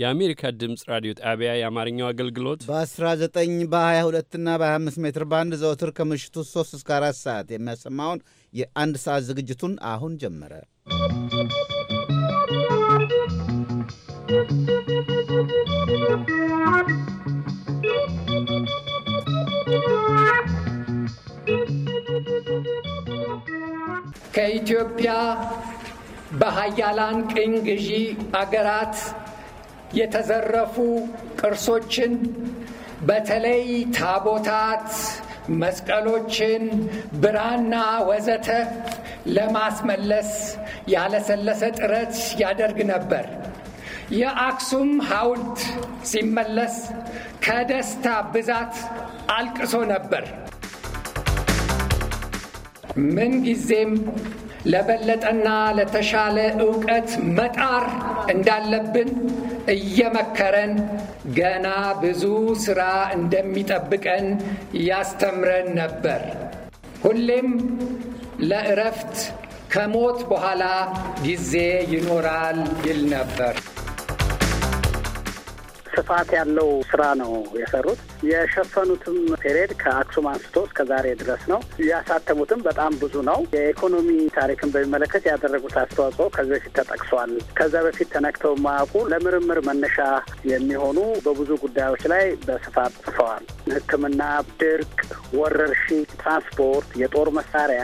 የአሜሪካ ድምፅ ራዲዮ ጣቢያ የአማርኛው አገልግሎት በ19 በ22 እና በ25 ሜትር ባንድ ዘወትር ከምሽቱ 3 እስከ 4 ሰዓት የሚያሰማውን የአንድ ሰዓት ዝግጅቱን አሁን ጀመረ። ¶¶ ከኢትዮጵያ በሀያላን ቅኝ ግዢ አገራት የተዘረፉ ቅርሶችን በተለይ ታቦታት፣ መስቀሎችን፣ ብራና ወዘተ ለማስመለስ ያለሰለሰ ጥረት ያደርግ ነበር። የአክሱም ሐውልት ሲመለስ ከደስታ ብዛት አልቅሶ ነበር። ምንጊዜም ለበለጠና ለተሻለ እውቀት መጣር እንዳለብን እየመከረን ገና ብዙ ሥራ እንደሚጠብቀን ያስተምረን ነበር። ሁሌም ለእረፍት ከሞት በኋላ ጊዜ ይኖራል ይል ነበር። ስፋት ያለው ስራ ነው የሰሩት። የሸፈኑትም ፔሬድ ከአክሱም አንስቶ እስከ ዛሬ ድረስ ነው። ያሳተሙትም በጣም ብዙ ነው። የኢኮኖሚ ታሪክን በሚመለከት ያደረጉት አስተዋጽኦ ከዚህ በፊት ተጠቅሷል። ከዛ በፊት ተነክተው ማያውቁ ለምርምር መነሻ የሚሆኑ በብዙ ጉዳዮች ላይ በስፋት ጽፈዋል። ሕክምና፣ ድርቅ፣ ወረርሽኝ፣ ትራንስፖርት፣ የጦር መሳሪያ፣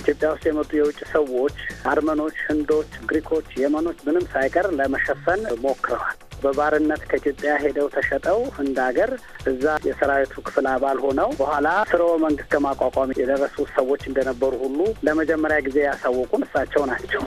ኢትዮጵያ ውስጥ የመጡ የውጭ ሰዎች፣ አርመኖች፣ ህንዶች፣ ግሪኮች፣ የመኖች ምንም ሳይቀር ለመሸፈን ሞክረዋል። በባርነት ከኢትዮጵያ ሄደው ተሸጠው እንደ ሀገር እዛ የሰራዊቱ ክፍል አባል ሆነው በኋላ ስርወ መንግስት ከማቋቋም የደረሱ ሰዎች እንደነበሩ ሁሉ ለመጀመሪያ ጊዜ ያሳወቁን እሳቸው ናቸው።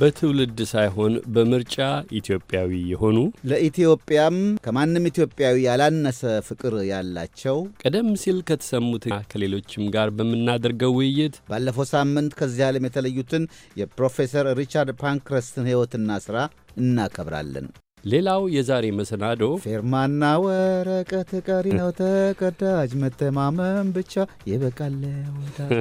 በትውልድ ሳይሆን በምርጫ ኢትዮጵያዊ የሆኑ ለኢትዮጵያም ከማንም ኢትዮጵያዊ ያላነሰ ፍቅር ያላቸው ቀደም ሲል ከተሰሙት ከሌሎችም ጋር በምናደርገው ውይይት ባለፈው ሳምንት ከዚህ ዓለም የተለዩትን የፕሮፌሰር ሪቻርድ ፓንክረስትን ሕይወትና ሥራ እናከብራለን። ሌላው የዛሬ መሰናዶ ፌርማና ወረቀት ቀሪ ነው ተቀዳጅ መተማመን ብቻ ይበቃል፣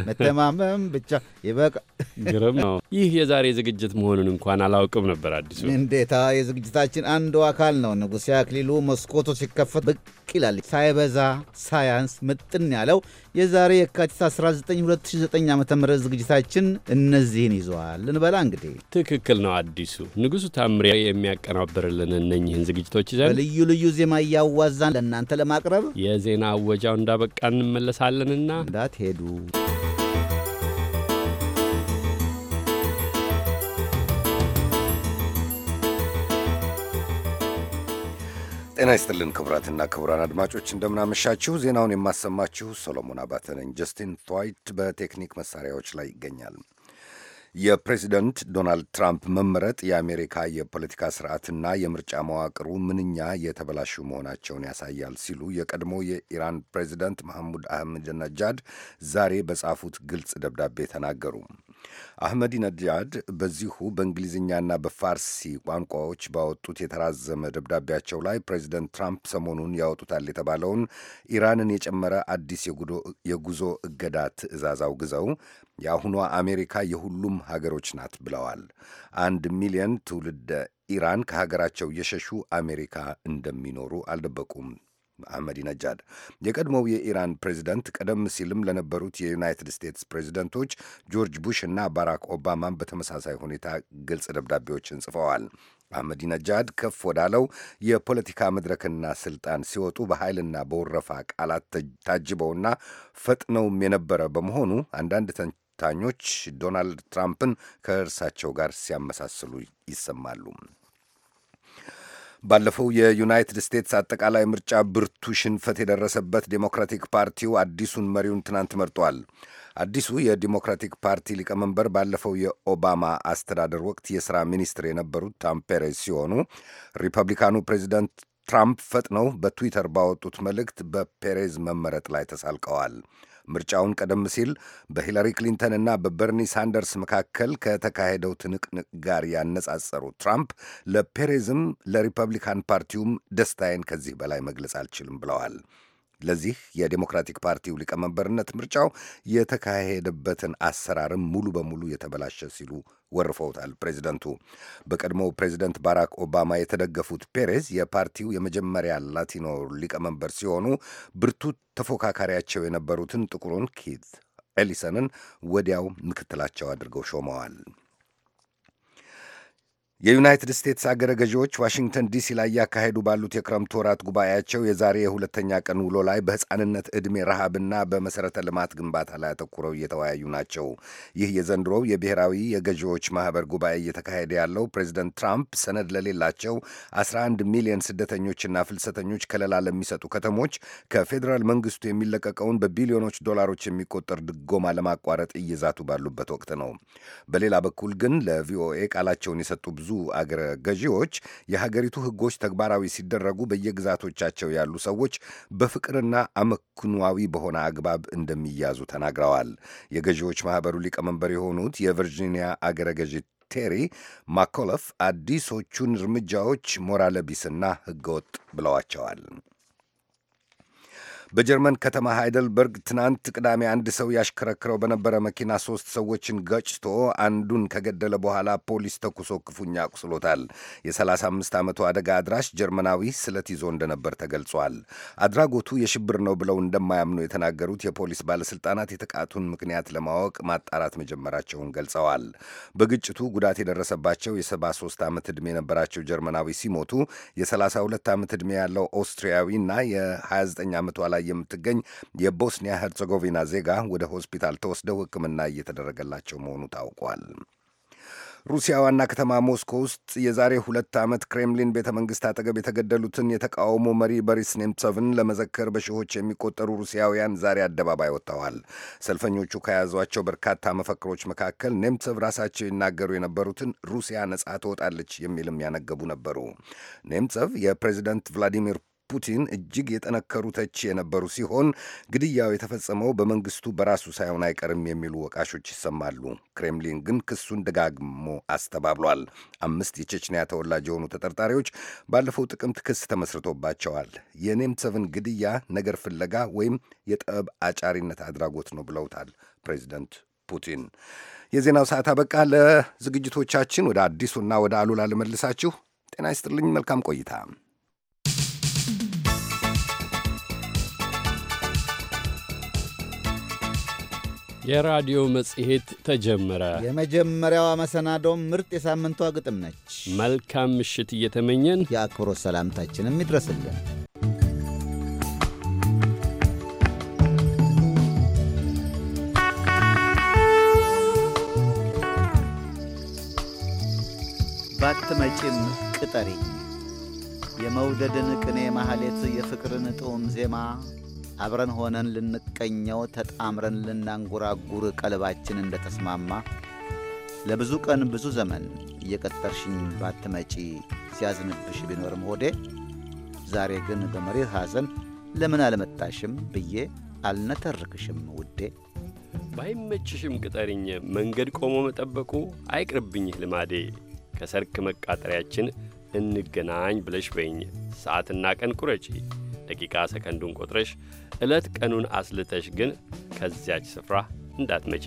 መተማመን ብቻ ይበቃል። ግርም ነው። ይህ የዛሬ ዝግጅት መሆኑን እንኳን አላውቅም ነበር። አዲሱ እንዴታ የዝግጅታችን አንዱ አካል ነው። ንጉሴ አክሊሉ መስኮቱ ሲከፈት ብቅ ይላል። ሳይበዛ ሳያንስ ምጥን ያለው የዛሬ የካቲት 19 2009 ዓ ም ዝግጅታችን እነዚህን ይዘዋል እንበላ። እንግዲህ ትክክል ነው። አዲሱ ንጉሡ ታምሬ የሚያቀናብርልን እነኝህን ዝግጅቶች ይዘን በልዩ ልዩ ዜማ እያዋዛን ለእናንተ ለማቅረብ የዜና አወጃው እንዳበቃ እንመለሳለንና እንዳት ሄዱ ጤና ይስጥልን ክቡራትና ክቡራን አድማጮች እንደምናመሻችሁ። ዜናውን የማሰማችሁ ሶሎሞን አባተ ነኝ። ጀስቲን ትዋይት በቴክኒክ መሳሪያዎች ላይ ይገኛል። የፕሬዚደንት ዶናልድ ትራምፕ መመረጥ የአሜሪካ የፖለቲካ ስርዓትና የምርጫ መዋቅሩ ምንኛ የተበላሹ መሆናቸውን ያሳያል ሲሉ የቀድሞ የኢራን ፕሬዚደንት መሐሙድ አህመድ ነጃድ ዛሬ በጻፉት ግልጽ ደብዳቤ ተናገሩ። ነጃድ በዚሁ በእንግሊዝኛና በፋርሲ ቋንቋዎች ባወጡት የተራዘመ ደብዳቤያቸው ላይ ፕሬዚደንት ትራምፕ ሰሞኑን ያወጡታል የተባለውን ኢራንን የጨመረ አዲስ የጉዞ እገዳ ትዕዛዝ አውግዘው የአሁኗ አሜሪካ የሁሉም ሀገሮች ናት ብለዋል። አንድ ሚሊዮን ትውልደ ኢራን ከሀገራቸው የሸሹ አሜሪካ እንደሚኖሩ አልደበቁም። አህመዲነጃድ የቀድሞው የኢራን ፕሬዚደንት ቀደም ሲልም ለነበሩት የዩናይትድ ስቴትስ ፕሬዚደንቶች ጆርጅ ቡሽ እና ባራክ ኦባማን በተመሳሳይ ሁኔታ ግልጽ ደብዳቤዎችን ጽፈዋል። አህመዲነጃድ ከፍ ወዳለው የፖለቲካ መድረክና ስልጣን ሲወጡ በኃይልና በወረፋ ቃላት ታጅበውና ፈጥነውም የነበረ በመሆኑ አንዳንድ ተንታኞች ዶናልድ ትራምፕን ከእርሳቸው ጋር ሲያመሳስሉ ይሰማሉ። ባለፈው የዩናይትድ ስቴትስ አጠቃላይ ምርጫ ብርቱ ሽንፈት የደረሰበት ዴሞክራቲክ ፓርቲው አዲሱን መሪውን ትናንት መርጧል። አዲሱ የዲሞክራቲክ ፓርቲ ሊቀመንበር ባለፈው የኦባማ አስተዳደር ወቅት የሥራ ሚኒስትር የነበሩት ታም ፔሬዝ ሲሆኑ ሪፐብሊካኑ ፕሬዚደንት ትራምፕ ፈጥነው በትዊተር ባወጡት መልእክት በፔሬዝ መመረጥ ላይ ተሳልቀዋል። ምርጫውን ቀደም ሲል በሂላሪ ክሊንተንና በበርኒ ሳንደርስ መካከል ከተካሄደው ትንቅንቅ ጋር ያነጻጸሩ ትራምፕ ለፔሬዝም ለሪፐብሊካን ፓርቲውም ደስታዬን ከዚህ በላይ መግለጽ አልችልም ብለዋል። ለዚህ የዴሞክራቲክ ፓርቲው ሊቀመንበርነት ምርጫው የተካሄደበትን አሰራርም ሙሉ በሙሉ የተበላሸ ሲሉ ወርፈውታል። ፕሬዚደንቱ በቀድሞው ፕሬዚደንት ባራክ ኦባማ የተደገፉት ፔሬዝ የፓርቲው የመጀመሪያ ላቲኖ ሊቀመንበር ሲሆኑ ብርቱ ተፎካካሪያቸው የነበሩትን ጥቁሩን ኪት ኤሊሰንን ወዲያው ምክትላቸው አድርገው ሾመዋል። የዩናይትድ ስቴትስ አገረ ገዢዎች ዋሽንግተን ዲሲ ላይ እያካሄዱ ባሉት የክረምት ወራት ጉባኤያቸው የዛሬ የሁለተኛ ቀን ውሎ ላይ በሕፃንነት ዕድሜ ረሃብና በመሠረተ ልማት ግንባታ ላይ አተኩረው እየተወያዩ ናቸው። ይህ የዘንድሮው የብሔራዊ የገዢዎች ማኅበር ጉባኤ እየተካሄደ ያለው ፕሬዚደንት ትራምፕ ሰነድ ለሌላቸው 11 ሚሊዮን ስደተኞችና ፍልሰተኞች ከለላ ለሚሰጡ ከተሞች ከፌዴራል መንግሥቱ የሚለቀቀውን በቢሊዮኖች ዶላሮች የሚቆጠር ድጎማ ለማቋረጥ እየዛቱ ባሉበት ወቅት ነው። በሌላ በኩል ግን ለቪኦኤ ቃላቸውን የሰጡ ብዙ አገረ ገዢዎች የሀገሪቱ ሕጎች ተግባራዊ ሲደረጉ በየግዛቶቻቸው ያሉ ሰዎች በፍቅርና አመክኗዊ በሆነ አግባብ እንደሚያዙ ተናግረዋል። የገዢዎች ማኅበሩ ሊቀመንበር የሆኑት የቨርጂኒያ አገረ ገዢ ቴሪ ማኮለፍ አዲሶቹን እርምጃዎች ሞራለቢስና ሕገወጥ ብለዋቸዋል። በጀርመን ከተማ ሃይደልበርግ ትናንት ቅዳሜ አንድ ሰው ያሽከረክረው በነበረ መኪና ሶስት ሰዎችን ገጭቶ አንዱን ከገደለ በኋላ ፖሊስ ተኩሶ ክፉኛ አቁስሎታል። የ35 ዓመቱ አደጋ አድራሽ ጀርመናዊ ስለት ይዞ እንደነበር ተገልጿል። አድራጎቱ የሽብር ነው ብለው እንደማያምኑ የተናገሩት የፖሊስ ባለሥልጣናት የጥቃቱን ምክንያት ለማወቅ ማጣራት መጀመራቸውን ገልጸዋል። በግጭቱ ጉዳት የደረሰባቸው የ73 ዓመት ዕድሜ የነበራቸው ጀርመናዊ ሲሞቱ የ32 ዓመት ዕድሜ ያለው ኦስትሪያዊ እና የ29 ዓመቱ ላይ የምትገኝ የቦስኒያ ሄርዘጎቪና ዜጋ ወደ ሆስፒታል ተወስደው ሕክምና እየተደረገላቸው መሆኑ ታውቋል። ሩሲያ ዋና ከተማ ሞስኮ ውስጥ የዛሬ ሁለት ዓመት ክሬምሊን ቤተ መንግሥት አጠገብ የተገደሉትን የተቃውሞ መሪ ቦሪስ ኔምሶቭን ለመዘከር በሺዎች የሚቆጠሩ ሩሲያውያን ዛሬ አደባባይ ወጥተዋል። ሰልፈኞቹ ከያዟቸው በርካታ መፈክሮች መካከል ኔምሶቭ ራሳቸው ይናገሩ የነበሩትን ሩሲያ ነጻ ትወጣለች የሚልም ያነገቡ ነበሩ። ኔምሶቭ የፕሬዚደንት ቭላዲሚር ፑቲን እጅግ የጠነከሩ ተች የነበሩ ሲሆን ግድያው የተፈጸመው በመንግስቱ በራሱ ሳይሆን አይቀርም የሚሉ ወቃሾች ይሰማሉ። ክሬምሊን ግን ክሱን ደጋግሞ አስተባብሏል። አምስት የቼችንያ ተወላጅ የሆኑ ተጠርጣሪዎች ባለፈው ጥቅምት ክስ ተመስርቶባቸዋል። የኔምሰቭን ግድያ ነገር ፍለጋ ወይም የጠብ አጫሪነት አድራጎት ነው ብለውታል ፕሬዚደንት ፑቲን። የዜናው ሰዓት አበቃ። ለዝግጅቶቻችን ወደ አዲሱና ወደ አሉላ ልመልሳችሁ። ጤና ይስጥልኝ። መልካም ቆይታ የራዲዮ መጽሔት ተጀመረ። የመጀመሪያዋ መሰናዶም ምርጥ የሳምንቷ ግጥም ነች። መልካም ምሽት እየተመኘን የአክብሮት ሰላምታችንም ይድረስልን። ባትመጪም ቅጠሪ የመውደድን ቅኔ ማህሌት የፍቅርን ጥዑም ዜማ አብረን ሆነን ልንቀኘው፣ ተጣምረን ልናንጎራጉር ቀልባችን እንደተስማማ ለብዙ ቀን ብዙ ዘመን እየቀጠርሽኝ ባትመጪ ሲያዝንብሽ ቢኖርም ሆዴ ዛሬ ግን በመሪር ሐዘን ለምን አልመጣሽም ብዬ አልነተርክሽም ውዴ። ባይመችሽም ቅጠርኝ መንገድ ቆሞ መጠበቁ አይቅርብኝህ ልማዴ። ከሰርክ መቃጠሪያችን እንገናኝ ብለሽ በኝ ሰዓትና ቀን ቁረጪ፣ ደቂቃ ሰከንዱን ቆጥረሽ ዕለት ቀኑን አስልተሽ ግን ከዚያች ስፍራ እንዳትመጪ።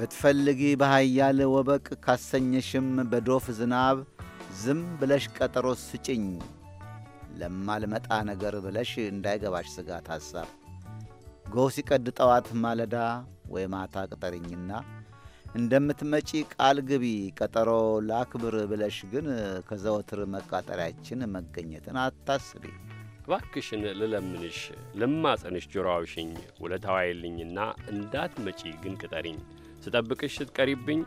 ብትፈልጊ በኃያል ወበቅ ካሰኘሽም በዶፍ ዝናብ ዝም ብለሽ ቀጠሮ ስጭኝ ለማልመጣ ነገር ብለሽ እንዳይገባሽ ስጋት ሐሳብ ጎህ ሲቀድ ጠዋት ማለዳ ወይ ማታ ቅጠሪኝና እንደምትመጪ ቃል ግቢ፣ ቀጠሮ ላክብር ብለሽ ግን ከዘወትር መቃጠሪያችን መገኘትን አታስቢ። እባክሽን ልለምንሽ፣ ልማጸንሽ፣ ጆሮ አውሽኝ፣ ውለታዋ የልኝና እንዳትመጪ ግን ቅጠሪኝ። ስጠብቅሽ ስትቀሪብኝ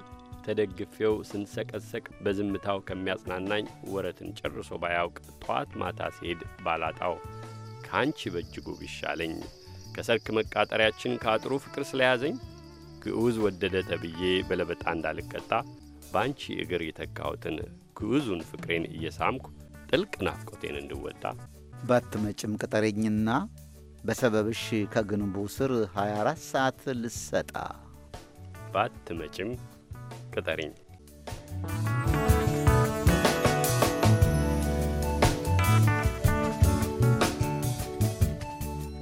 ተደግፌው ስንሰቀሰቅ በዝምታው ከሚያጽናናኝ ወረትን ጨርሶ ባያውቅ ጠዋት ማታ ሲሄድ ባላጣው ከአንቺ በእጅጉ ብሻለኝ። ከሰርክ መቃጠሪያችን ከአጥሩ ፍቅር ስለያዘኝ ግዑዝ ወደደ ተብዬ በለበጣ እንዳልቀጣ በአንቺ እግር የተካሁትን ግዑዙን ፍቅሬን እየሳምኩ ጥልቅ ናፍቆቴን እንድወጣ ባትመጭም ቅጠሬኝና በሰበብሽ ከግንቡ ስር 24 ሰዓት ልሰጣ ባትመጭም ቅጠሬኝ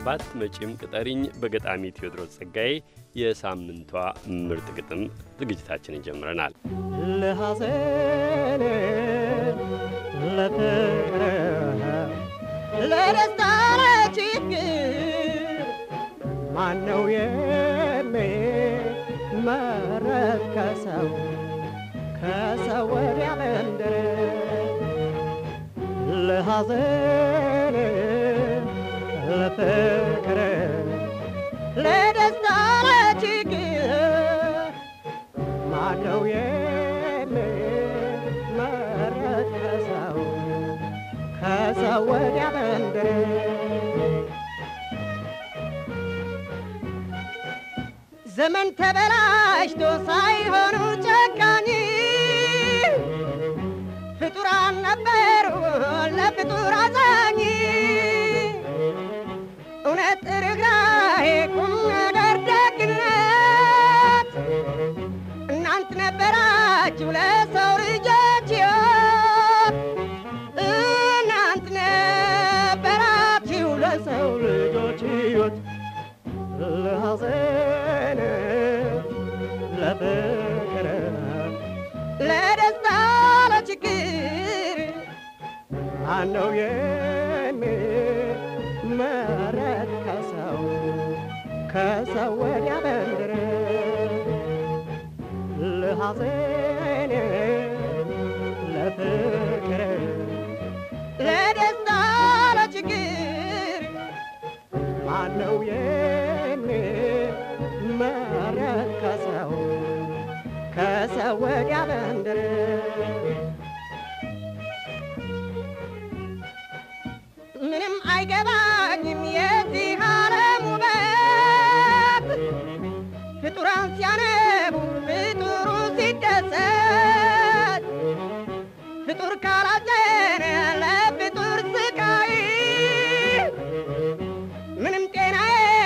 ባት መጪም ቅጠሪኝ በገጣሚ ቴዎድሮስ ጸጋዬ የሳምንቷ ምርጥ ግጥም ዝግጅታችንን ጀምረናል። ለሐዘን ለፍቅር ለደስታ ከሰው ከሰው ወዲያ መንደር ለሐዘን ለደስታ ለችግር ማቀው የምመረጥ ከሰው ከሰው ዘመን ተበላሽቶ ሳይሆኑ ጨካኝ ፍጡራን ነበሩ ለፍጡር አዛኝ I know, you. ነው ወዲያ መንደር ለሐዘን ለፍቅር ለደስታ ለችግር ማነው የሚመረከሰው ከሰው ወዲያ መንደር ፍጡር ካላዘነ ለፍጡር ስቃይ ምንም ጤና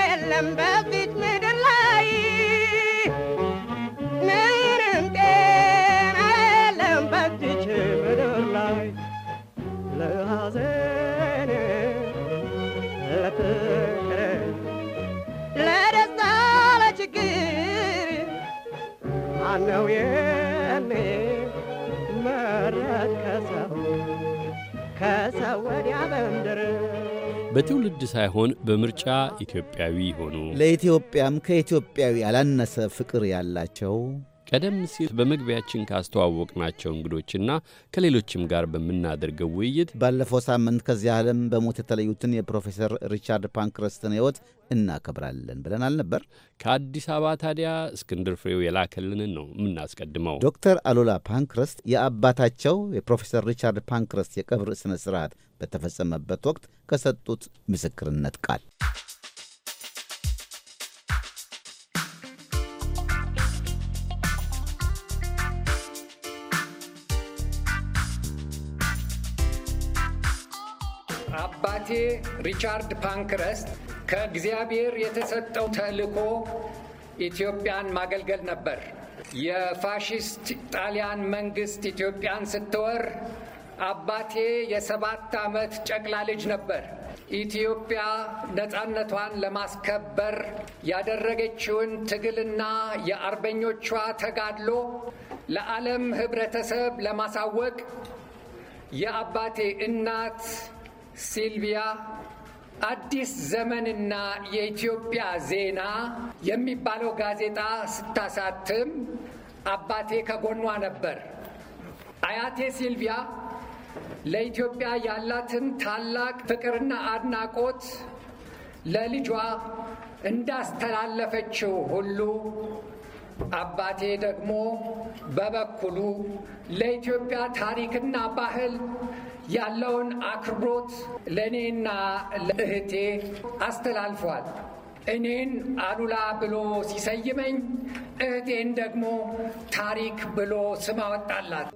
የለም በፊት ምድር ላይ ምንም ጤና የለም ምድር ላይ ለሐዘን ለፍቅር ለደስታ ለችግር ወዲያ መንደር በትውልድ ሳይሆን በምርጫ ኢትዮጵያዊ ሆኑ ለኢትዮጵያም ከኢትዮጵያዊ ያላነሰ ፍቅር ያላቸው ቀደም ሲል በመግቢያችን ካስተዋወቅናቸው እንግዶችና ከሌሎችም ጋር በምናደርገው ውይይት ባለፈው ሳምንት ከዚህ ዓለም በሞት የተለዩትን የፕሮፌሰር ሪቻርድ ፓንክረስትን ሕይወት እናከብራለን ብለን አልነበር? ከአዲስ አበባ ታዲያ እስክንድር ፍሬው የላከልንን ነው የምናስቀድመው። ዶክተር አሉላ ፓንክረስት የአባታቸው የፕሮፌሰር ሪቻርድ ፓንክረስት የቀብር ስነ ስርዓት በተፈጸመበት ወቅት ከሰጡት ምስክርነት ቃል ሪቻርድ ፓንክረስት ከእግዚአብሔር የተሰጠው ተልዕኮ ኢትዮጵያን ማገልገል ነበር። የፋሽስት ጣሊያን መንግስት ኢትዮጵያን ስትወር አባቴ የሰባት ዓመት ጨቅላ ልጅ ነበር። ኢትዮጵያ ነፃነቷን ለማስከበር ያደረገችውን ትግልና የአርበኞቿ ተጋድሎ ለዓለም ህብረተሰብ ለማሳወቅ የአባቴ እናት ሲልቪያ አዲስ ዘመንና የኢትዮጵያ ዜና የሚባለው ጋዜጣ ስታሳትም አባቴ ከጎኗ ነበር። አያቴ ሲልቪያ ለኢትዮጵያ ያላትን ታላቅ ፍቅርና አድናቆት ለልጇ እንዳስተላለፈችው ሁሉ አባቴ ደግሞ በበኩሉ ለኢትዮጵያ ታሪክና ባህል ያለውን አክብሮት ለእኔና ለእህቴ አስተላልፏል። እኔን አሉላ ብሎ ሲሰይመኝ እህቴን ደግሞ ታሪክ ብሎ ስም አወጣላት።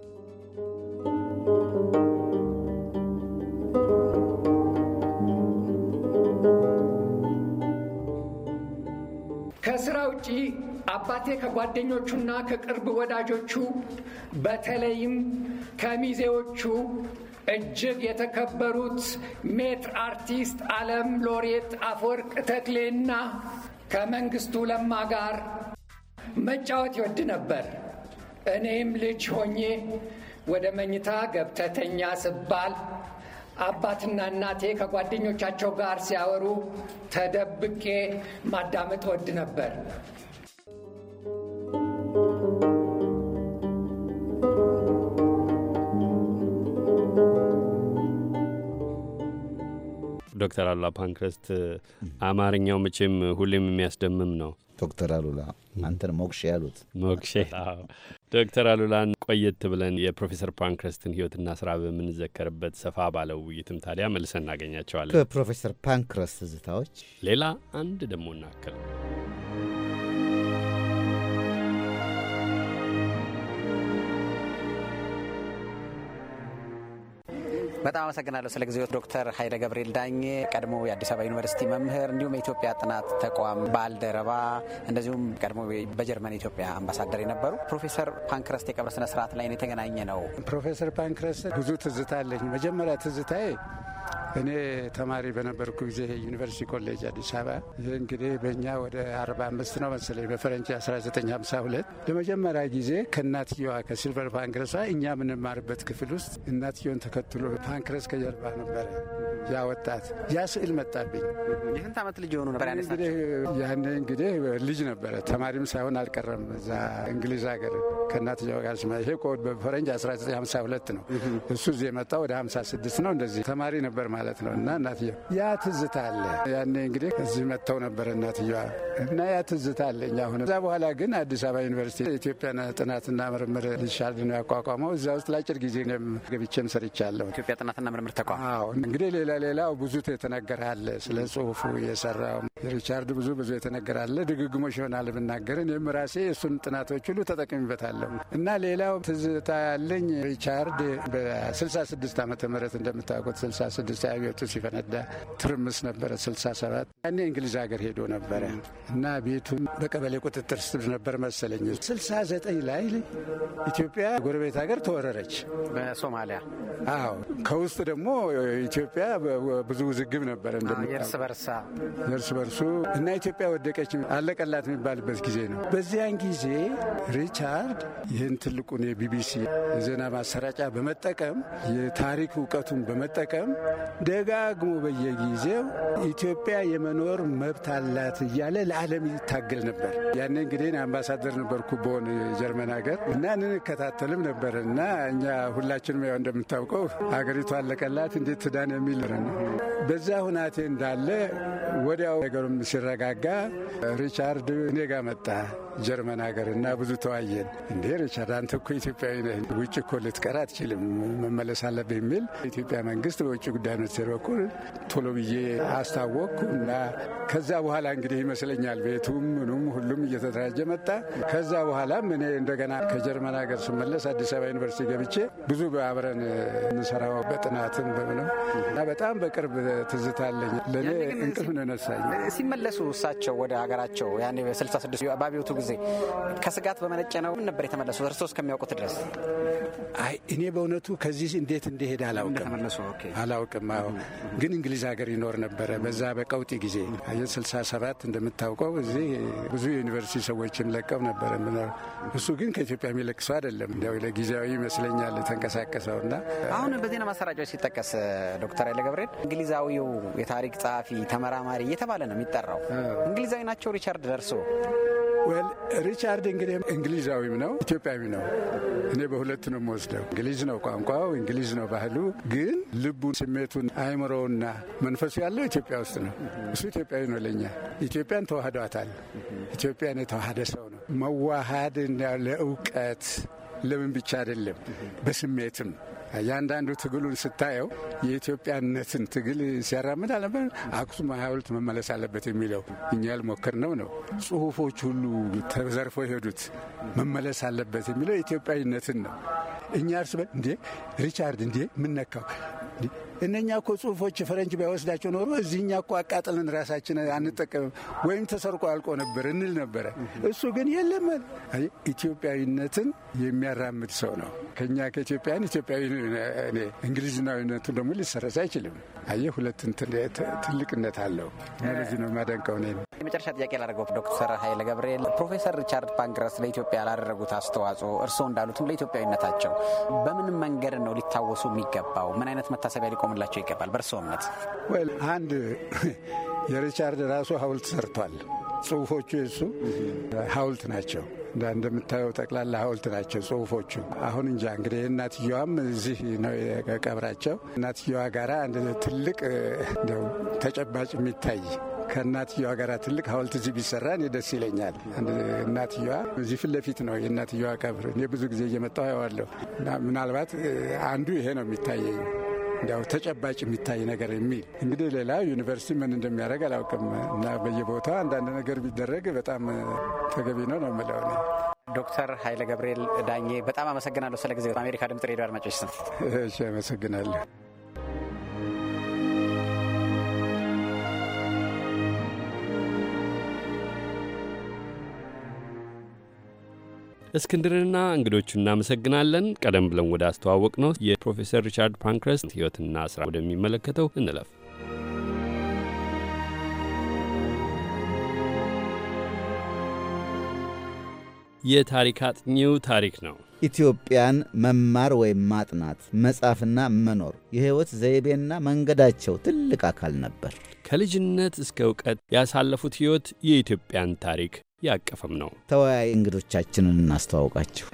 ከስራ ውጪ አባቴ ከጓደኞቹና ከቅርብ ወዳጆቹ በተለይም ከሚዜዎቹ እጅግ የተከበሩት ሜትር አርቲስት አለም ሎሬት አፈወርቅ ተክሌና ከመንግስቱ ለማ ጋር መጫወት ይወድ ነበር። እኔም ልጅ ሆኜ ወደ መኝታ ገብተተኛ ስባል አባትና እናቴ ከጓደኞቻቸው ጋር ሲያወሩ ተደብቄ ማዳመጥ ወድ ነበር። ዶክተር አሉላ ፓንክረስት አማርኛው መቼም ሁሌም የሚያስደምም ነው። ዶክተር አሉላ አንተን ሞክሼ ያሉት ሞክሼ። ዶክተር አሉላን ቆየት ብለን የፕሮፌሰር ፓንክረስትን ህይወትና ስራ በምንዘከርበት ሰፋ ባለው ውይይትም ታዲያ መልሰን እናገኛቸዋለን። ከፕሮፌሰር ፓንክረስት ዝታዎች ሌላ አንድ ደግሞ እናከል በጣም አመሰግናለሁ ስለ ጊዜዎት ዶክተር ሀይለ ገብርኤል ዳኘ ቀድሞ የአዲስ አበባ ዩኒቨርሲቲ መምህር እንዲሁም የኢትዮጵያ ጥናት ተቋም ባልደረባ እንደዚሁም ቀድሞ በጀርመን ኢትዮጵያ አምባሳደር የነበሩ ፕሮፌሰር ፓንክረስት የቀብረ ስነ ስርዓት ላይ የተገናኘ ነው። ፕሮፌሰር ፓንክረስት ብዙ ትዝታ አለኝ። መጀመሪያ ትዝታዬ እኔ ተማሪ በነበርኩ ጊዜ ዩኒቨርሲቲ ኮሌጅ አዲስ አበባ እንግዲህ በእኛ ወደ 45 ነው መሰለኝ በፈረንጅ 1952 ለመጀመሪያ ጊዜ ከእናትየዋ ከሲልቨር ፓንክረሳ እኛ የምንማርበት ክፍል ውስጥ እናትየውን ተከትሎ ፓንክረስ ከጀርባ ነበረ ያ ወጣት ያ ስዕል መጣብኝ። የስንት ዓመት ልጅ የሆኑ ነበር? ያኔ እንግዲህ ልጅ ነበረ ተማሪም ሳይሆን አልቀረም እዛ እንግሊዝ ሀገር ከእናትየዋ ጋር ስማ ይሄ በፈረንጅ 1952 ነው። እሱ እዚህ የመጣው ወደ 56 ነው። እንደዚህ ተማሪ ነበር ማለት ማለት ነው እና እናትየ ያ ትዝታ አለ። ያኔ እንግዲህ እዚህ መጥተው ነበር እናትየዋ እና ያ ትዝታ አለኝ አሁን። እዛ በኋላ ግን አዲስ አበባ ዩኒቨርሲቲ የኢትዮጵያን ጥናትና ምርምር ሊሻል ነው ያቋቋመው። እዛ ውስጥ ለአጭር ጊዜ ገብቼም ሰርቻለሁ። ኢትዮጵያ ጥናትና ምርምር ተቋም እንግዲህ ሌላ ሌላው ብዙ የተነገረ አለ። ስለ ጽሁፉ የሰራው ሪቻርድ ብዙ ብዙ የተነገረ አለ። ድግግሞች ይሆናል ብናገር እኔም ራሴ እሱን ጥናቶች ሁሉ ተጠቅሚበታለሁ እና ሌላው ትዝታ ያለኝ ሪቻርድ በ66 ዓመተ ምህረት እንደምታውቁት 66 ሻይ ቤቱ ሲፈነዳ ትርምስ ነበረ። 67 ያኔ እንግሊዝ ሀገር ሄዶ ነበረ እና ቤቱን በቀበሌ ቁጥጥር ስር ነበር መሰለኝ። 69 ላይ ኢትዮጵያ ጎረቤት ሀገር ተወረረች በሶማሊያ። አዎ ከውስጥ ደግሞ ኢትዮጵያ ብዙ ውዝግብ ነበረ የእርስ በርሳ የእርስ በርሱ እና ኢትዮጵያ ወደቀች አለቀላት የሚባልበት ጊዜ ነው። በዚያን ጊዜ ሪቻርድ ይህን ትልቁን የቢቢሲ የዜና ማሰራጫ በመጠቀም የታሪክ እውቀቱን በመጠቀም ደጋግሞ በየጊዜው ኢትዮጵያ የመኖር መብት አላት እያለ ለዓለም ይታገል ነበር። ያኔ እንግዲህ አምባሳደር ነበርኩ በሆን ጀርመን ሀገር እና እንከታተልም ነበር እና እኛ ሁላችንም ያው እንደምታውቀው ሀገሪቱ አለቀላት እንዴት ትዳን የሚል በዛ ሁናቴ እንዳለ ወዲያው ነገሩም ሲረጋጋ ሪቻርድ እኔ መጣ። ጀርመን ሀገር እና ብዙ ተዋየን። እንዴ ሪቻርድ አንተ እኮ ኢትዮጵያዊ ነህ፣ ውጭ እኮ ልትቀር አትችልም፣ መመለስ አለብህ የሚል ኢትዮጵያ መንግስት በውጭ ጉዳይ ሚኒስቴር በኩል ቶሎ ብዬ አስታወቅኩ እና ከዛ በኋላ እንግዲህ ይመስለኛል ቤቱም ምኑም ሁሉም እየተደራጀ መጣ። ከዛ በኋላም እኔ እንደገና ከጀርመን ሀገር ስመለስ አዲስ አበባ ዩኒቨርሲቲ ገብቼ ብዙ አብረን የምንሰራው በጥናትም በምንም እና በጣም በቅርብ ትዝታለኝ። ለእኔ እንቅልፍ ነው ነሳኝ። ሲመለሱ እሳቸው ወደ ሀገራቸው ያኔ በ66 በአብዮቱ ጊዜ ጊዜ ከስጋት በመነጨ ነው ነበር የተመለሱ እርስዎ እስከሚያውቁት ድረስ? አይ እኔ በእውነቱ ከዚህ እንዴት እንደሄደ አላውቅም አላውቅም። አዎ ግን እንግሊዝ ሀገር ይኖር ነበረ በዛ በቀውጢ ጊዜ የስልሳ ሰባት እንደምታውቀው እዚህ ብዙ የዩኒቨርሲቲ ሰዎችም ለቀው ነበረ። እሱ ግን ከኢትዮጵያ የሚለቅ ሰው አይደለም። እንዲያው ለጊዜያዊ ይመስለኛል ተንቀሳቀሰው እና አሁን በዜና ማሰራጫዎች ሲጠቀስ ዶክተር ኃይለ ገብርኤል እንግሊዛዊው የታሪክ ጸሐፊ ተመራማሪ እየተባለ ነው የሚጠራው። እንግሊዛዊ ናቸው ሪቻርድ ደርሶ ወል ሪቻርድ እንግዲህ እንግሊዛዊም ነው ኢትዮጵያዊ ነው። እኔ በሁለት ነው የምወስደው። እንግሊዝ ነው ቋንቋው፣ እንግሊዝ ነው ባህሉ፣ ግን ልቡን፣ ስሜቱን፣ አእምሮውና መንፈሱ ያለው ኢትዮጵያ ውስጥ ነው። እሱ ኢትዮጵያዊ ነው። ለኛ ኢትዮጵያን ተዋህዷታል። ኢትዮጵያን የተዋሃደ ሰው ነው። መዋሃድ ለእውቀት ለምን ብቻ አይደለም፣ በስሜትም እያንዳንዱ ትግሉን ስታየው የኢትዮጵያነትን ትግል ሲያራምድ አለበት። አክሱም ሐውልት መመለስ አለበት የሚለው እኛ ያልሞከርነው ነው። ጽሁፎች ሁሉ ተዘርፎ የሄዱት መመለስ አለበት የሚለው ኢትዮጵያዊነትን ነው። እኛ እርስ በ እንዴ ሪቻርድ እንዴ ምነካው እነኛ እኮ ጽሁፎች ፈረንጅ ባይወስዳቸው ኖሮ እዚህኛ እኮ አቃጥልን ራሳችን አንጠቀምም ወይም ተሰርቆ አልቆ ነበር እንል ነበረ። እሱ ግን የለም ኢትዮጵያዊነትን የሚያራምድ ሰው ነው። ከኛ ከኢትዮጵያን ኢትዮጵያዊ እንግሊዝናዊነቱ ደግሞ ሊሰረስ አይችልም። አየ ሁለትን ትልቅነት አለው። ለዚህ ነው የማደንቀው። የመጨረሻ ጥያቄ ላደረገው ዶክተር ኃይለ ገብርኤል፣ ፕሮፌሰር ሪቻርድ ፓንክረስ ለኢትዮጵያ ላደረጉት አስተዋጽኦ እርስዎ እንዳሉትም ለኢትዮጵያዊነታቸው በምን መንገድ ነው ሊታወሱ የሚገባው? ምን አይነት መታሰቢያ ሊቆ ሊቆምላቸው ይገባል በእርስዎ እምነት? አንድ የሪቻርድ ራሱ ሀውልት ሰርቷል። ጽሁፎቹ የሱ ሀውልት ናቸው። እንደምታየው ጠቅላላ ሀውልት ናቸው ጽሁፎቹ። አሁን እንጃ እንግዲህ እናትየዋም እዚህ ነው የቀብራቸው። እናትየዋ ጋራ አንድ ትልቅ ተጨባጭ የሚታይ ከእናትየዋ ጋር ትልቅ ሀውልት እዚህ ቢሰራ እኔ ደስ ይለኛል። እናትየዋ እዚህ ፊት ለፊት ነው የእናትየዋ ቀብር። እኔ ብዙ ጊዜ እየመጣሁ አየዋለሁ ምናልባት አንዱ ይሄ ነው የሚታየኝ። እንዲያው ተጨባጭ የሚታይ ነገር የሚል እንግዲህ ሌላ ዩኒቨርሲቲ ምን እንደሚያደርግ አላውቅም እና በየቦታ አንዳንድ ነገር ቢደረግ በጣም ተገቢ ነው ነው የምለው። ዶክተር ኃይለ ገብርኤል ዳኜ በጣም አመሰግናለሁ ስለ ጊዜ። አሜሪካ ድምጽ ሬዲዮ አድማጮች ስም አመሰግናለሁ። እስክንድርና እንግዶቹ እናመሰግናለን። ቀደም ብለን ወደ አስተዋወቅ ነው የፕሮፌሰር ሪቻርድ ፓንክረስት ሕይወትና ስራ ወደሚመለከተው እንለፍ። የታሪክ አጥኚው ታሪክ ነው። ኢትዮጵያን መማር ወይም ማጥናት፣ መጻፍና መኖር የሕይወት ዘይቤና መንገዳቸው ትልቅ አካል ነበር። ከልጅነት እስከ እውቀት ያሳለፉት ሕይወት የኢትዮጵያን ታሪክ ያቀፈም ነው። ተወያይ እንግዶቻችንን እናስተዋውቃችሁ።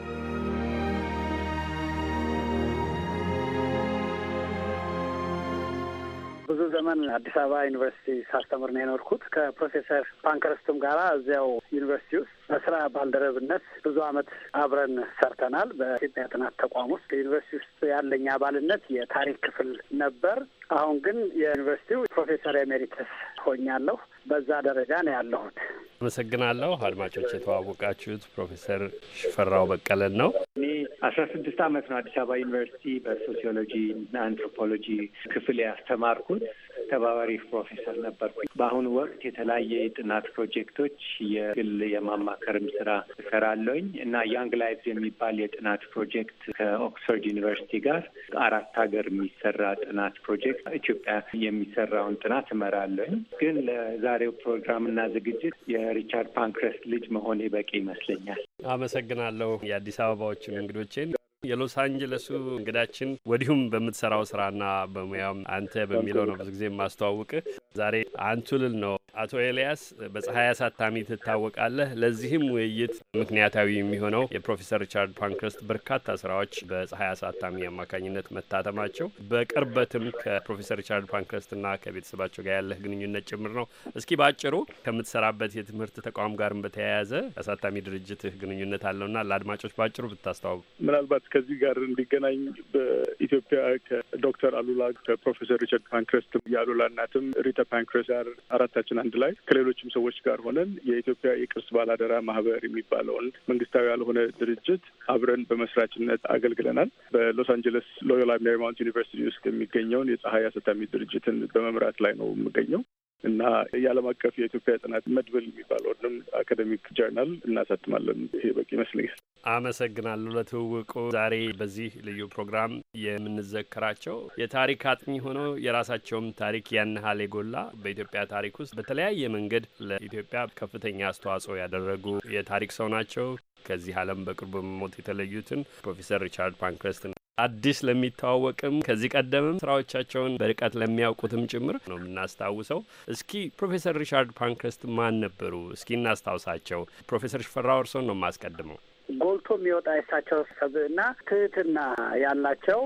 ብዙ ዘመን አዲስ አበባ ዩኒቨርሲቲ ሳስተምር ነው የኖርኩት ከፕሮፌሰር ፓንከረስቱም ጋራ እዚያው ዩኒቨርሲቲ ውስጥ በስራ ባልደረብነት ብዙ አመት አብረን ሰርተናል። በኢትዮጵያ ጥናት ተቋም ውስጥ ዩኒቨርሲቲ ውስጥ ያለኝ አባልነት የታሪክ ክፍል ነበር። አሁን ግን የዩኒቨርሲቲው ፕሮፌሰር ኤሜሪተስ ሆኛለሁ። በዛ ደረጃ ነው ያለሁት። አመሰግናለሁ። አድማጮች የተዋወቃችሁት ፕሮፌሰር ሽፈራው በቀለን ነው። እኔ አስራ ስድስት አመት ነው አዲስ አበባ ዩኒቨርሲቲ በሶሲዮሎጂ እና አንትሮፖሎጂ ክፍል ያስተማርኩት። ተባባሪ ፕሮፌሰር ነበርኩ። በአሁኑ ወቅት የተለያየ የጥናት ፕሮጀክቶች የግል የማማከርም ስራ እሰራለሁኝ እና ያንግ ላይቭስ የሚባል የጥናት ፕሮጀክት ከኦክስፎርድ ዩኒቨርሲቲ ጋር አራት ሀገር የሚሰራ ጥናት ፕሮጀክት ኢትዮጵያ የሚሰራውን ጥናት እመራለሁኝ። ግን ለዛሬው ፕሮግራምና ዝግጅት የሪቻርድ ፓንክረስት ልጅ መሆኔ በቂ ይመስለኛል። አመሰግናለሁ። የአዲስ አበባዎችን እንግዶቼን የሎስ አንጀለሱ እንግዳችን ወዲሁም በምትሰራው ስራና በሙያም አንተ በሚለው ነው ብዙ ጊዜ የማስተዋውቅ። ዛሬ አንቱልል ነው። አቶ ኤልያስ በፀሐይ አሳታሚ ትታወቃለህ። ለዚህም ውይይት ምክንያታዊ የሚሆነው የፕሮፌሰር ሪቻርድ ፓንክረስት በርካታ ስራዎች በፀሐይ አሳታሚ አማካኝነት መታተማቸው፣ በቅርበትም ከፕሮፌሰር ሪቻርድ ፓንክረስትና ከቤተሰባቸው ጋር ያለህ ግንኙነት ጭምር ነው። እስኪ በአጭሩ ከምትሰራበት የትምህርት ተቋም ጋርም በተያያዘ አሳታሚ ድርጅትህ ግንኙነት አለውና ለአድማጮች በአጭሩ ብታስተዋውቅ ምናልባት ከዚህ ጋር እንዲገናኝ በኢትዮጵያ ከዶክተር አሉላ ከፕሮፌሰር ሪቻርድ ፓንክረስት የአሉላ እናትም ሪታ ፓንክረስት ጋር አራታችን አንድ ላይ ከሌሎችም ሰዎች ጋር ሆነን የኢትዮጵያ የቅርስ ባላደራ ማህበር የሚባለውን መንግስታዊ ያልሆነ ድርጅት አብረን በመስራችነት አገልግለናል። በሎስ አንጀለስ ሎዮላ ሜሪማውንት ዩኒቨርሲቲ ውስጥ የሚገኘውን የፀሐይ አሳታሚ ድርጅትን በመምራት ላይ ነው የምገኘው። እና የዓለም አቀፍ የኢትዮጵያ ጥናት መድብል የሚባለውንም አካደሚክ ጀርናል እናሳትማለን። ይሄ በቂ ይመስለኛል። አመሰግናለሁ ለትውውቁ። ዛሬ በዚህ ልዩ ፕሮግራም የምንዘከራቸው የታሪክ አጥኚ ሆነው የራሳቸውም ታሪክ ያንሃል የጎላ በኢትዮጵያ ታሪክ ውስጥ በተለያየ መንገድ ለኢትዮጵያ ከፍተኛ አስተዋጽኦ ያደረጉ የታሪክ ሰው ናቸው። ከዚህ ዓለም በቅርቡ በሞት የተለዩትን ፕሮፌሰር ሪቻርድ ፓንክረስትን አዲስ ለሚተዋወቅም ከዚህ ቀደምም ስራዎቻቸውን በርቀት ለሚያውቁትም ጭምር ነው የምናስታውሰው። እስኪ ፕሮፌሰር ሪቻርድ ፓንክረስት ማን ነበሩ? እስኪ እናስታውሳቸው። ፕሮፌሰር ሽፈራው እርሶን ነው የማስቀድመው። ጎልቶ የሚወጣ የሳቸው ሰብዕና ትህትና ያላቸው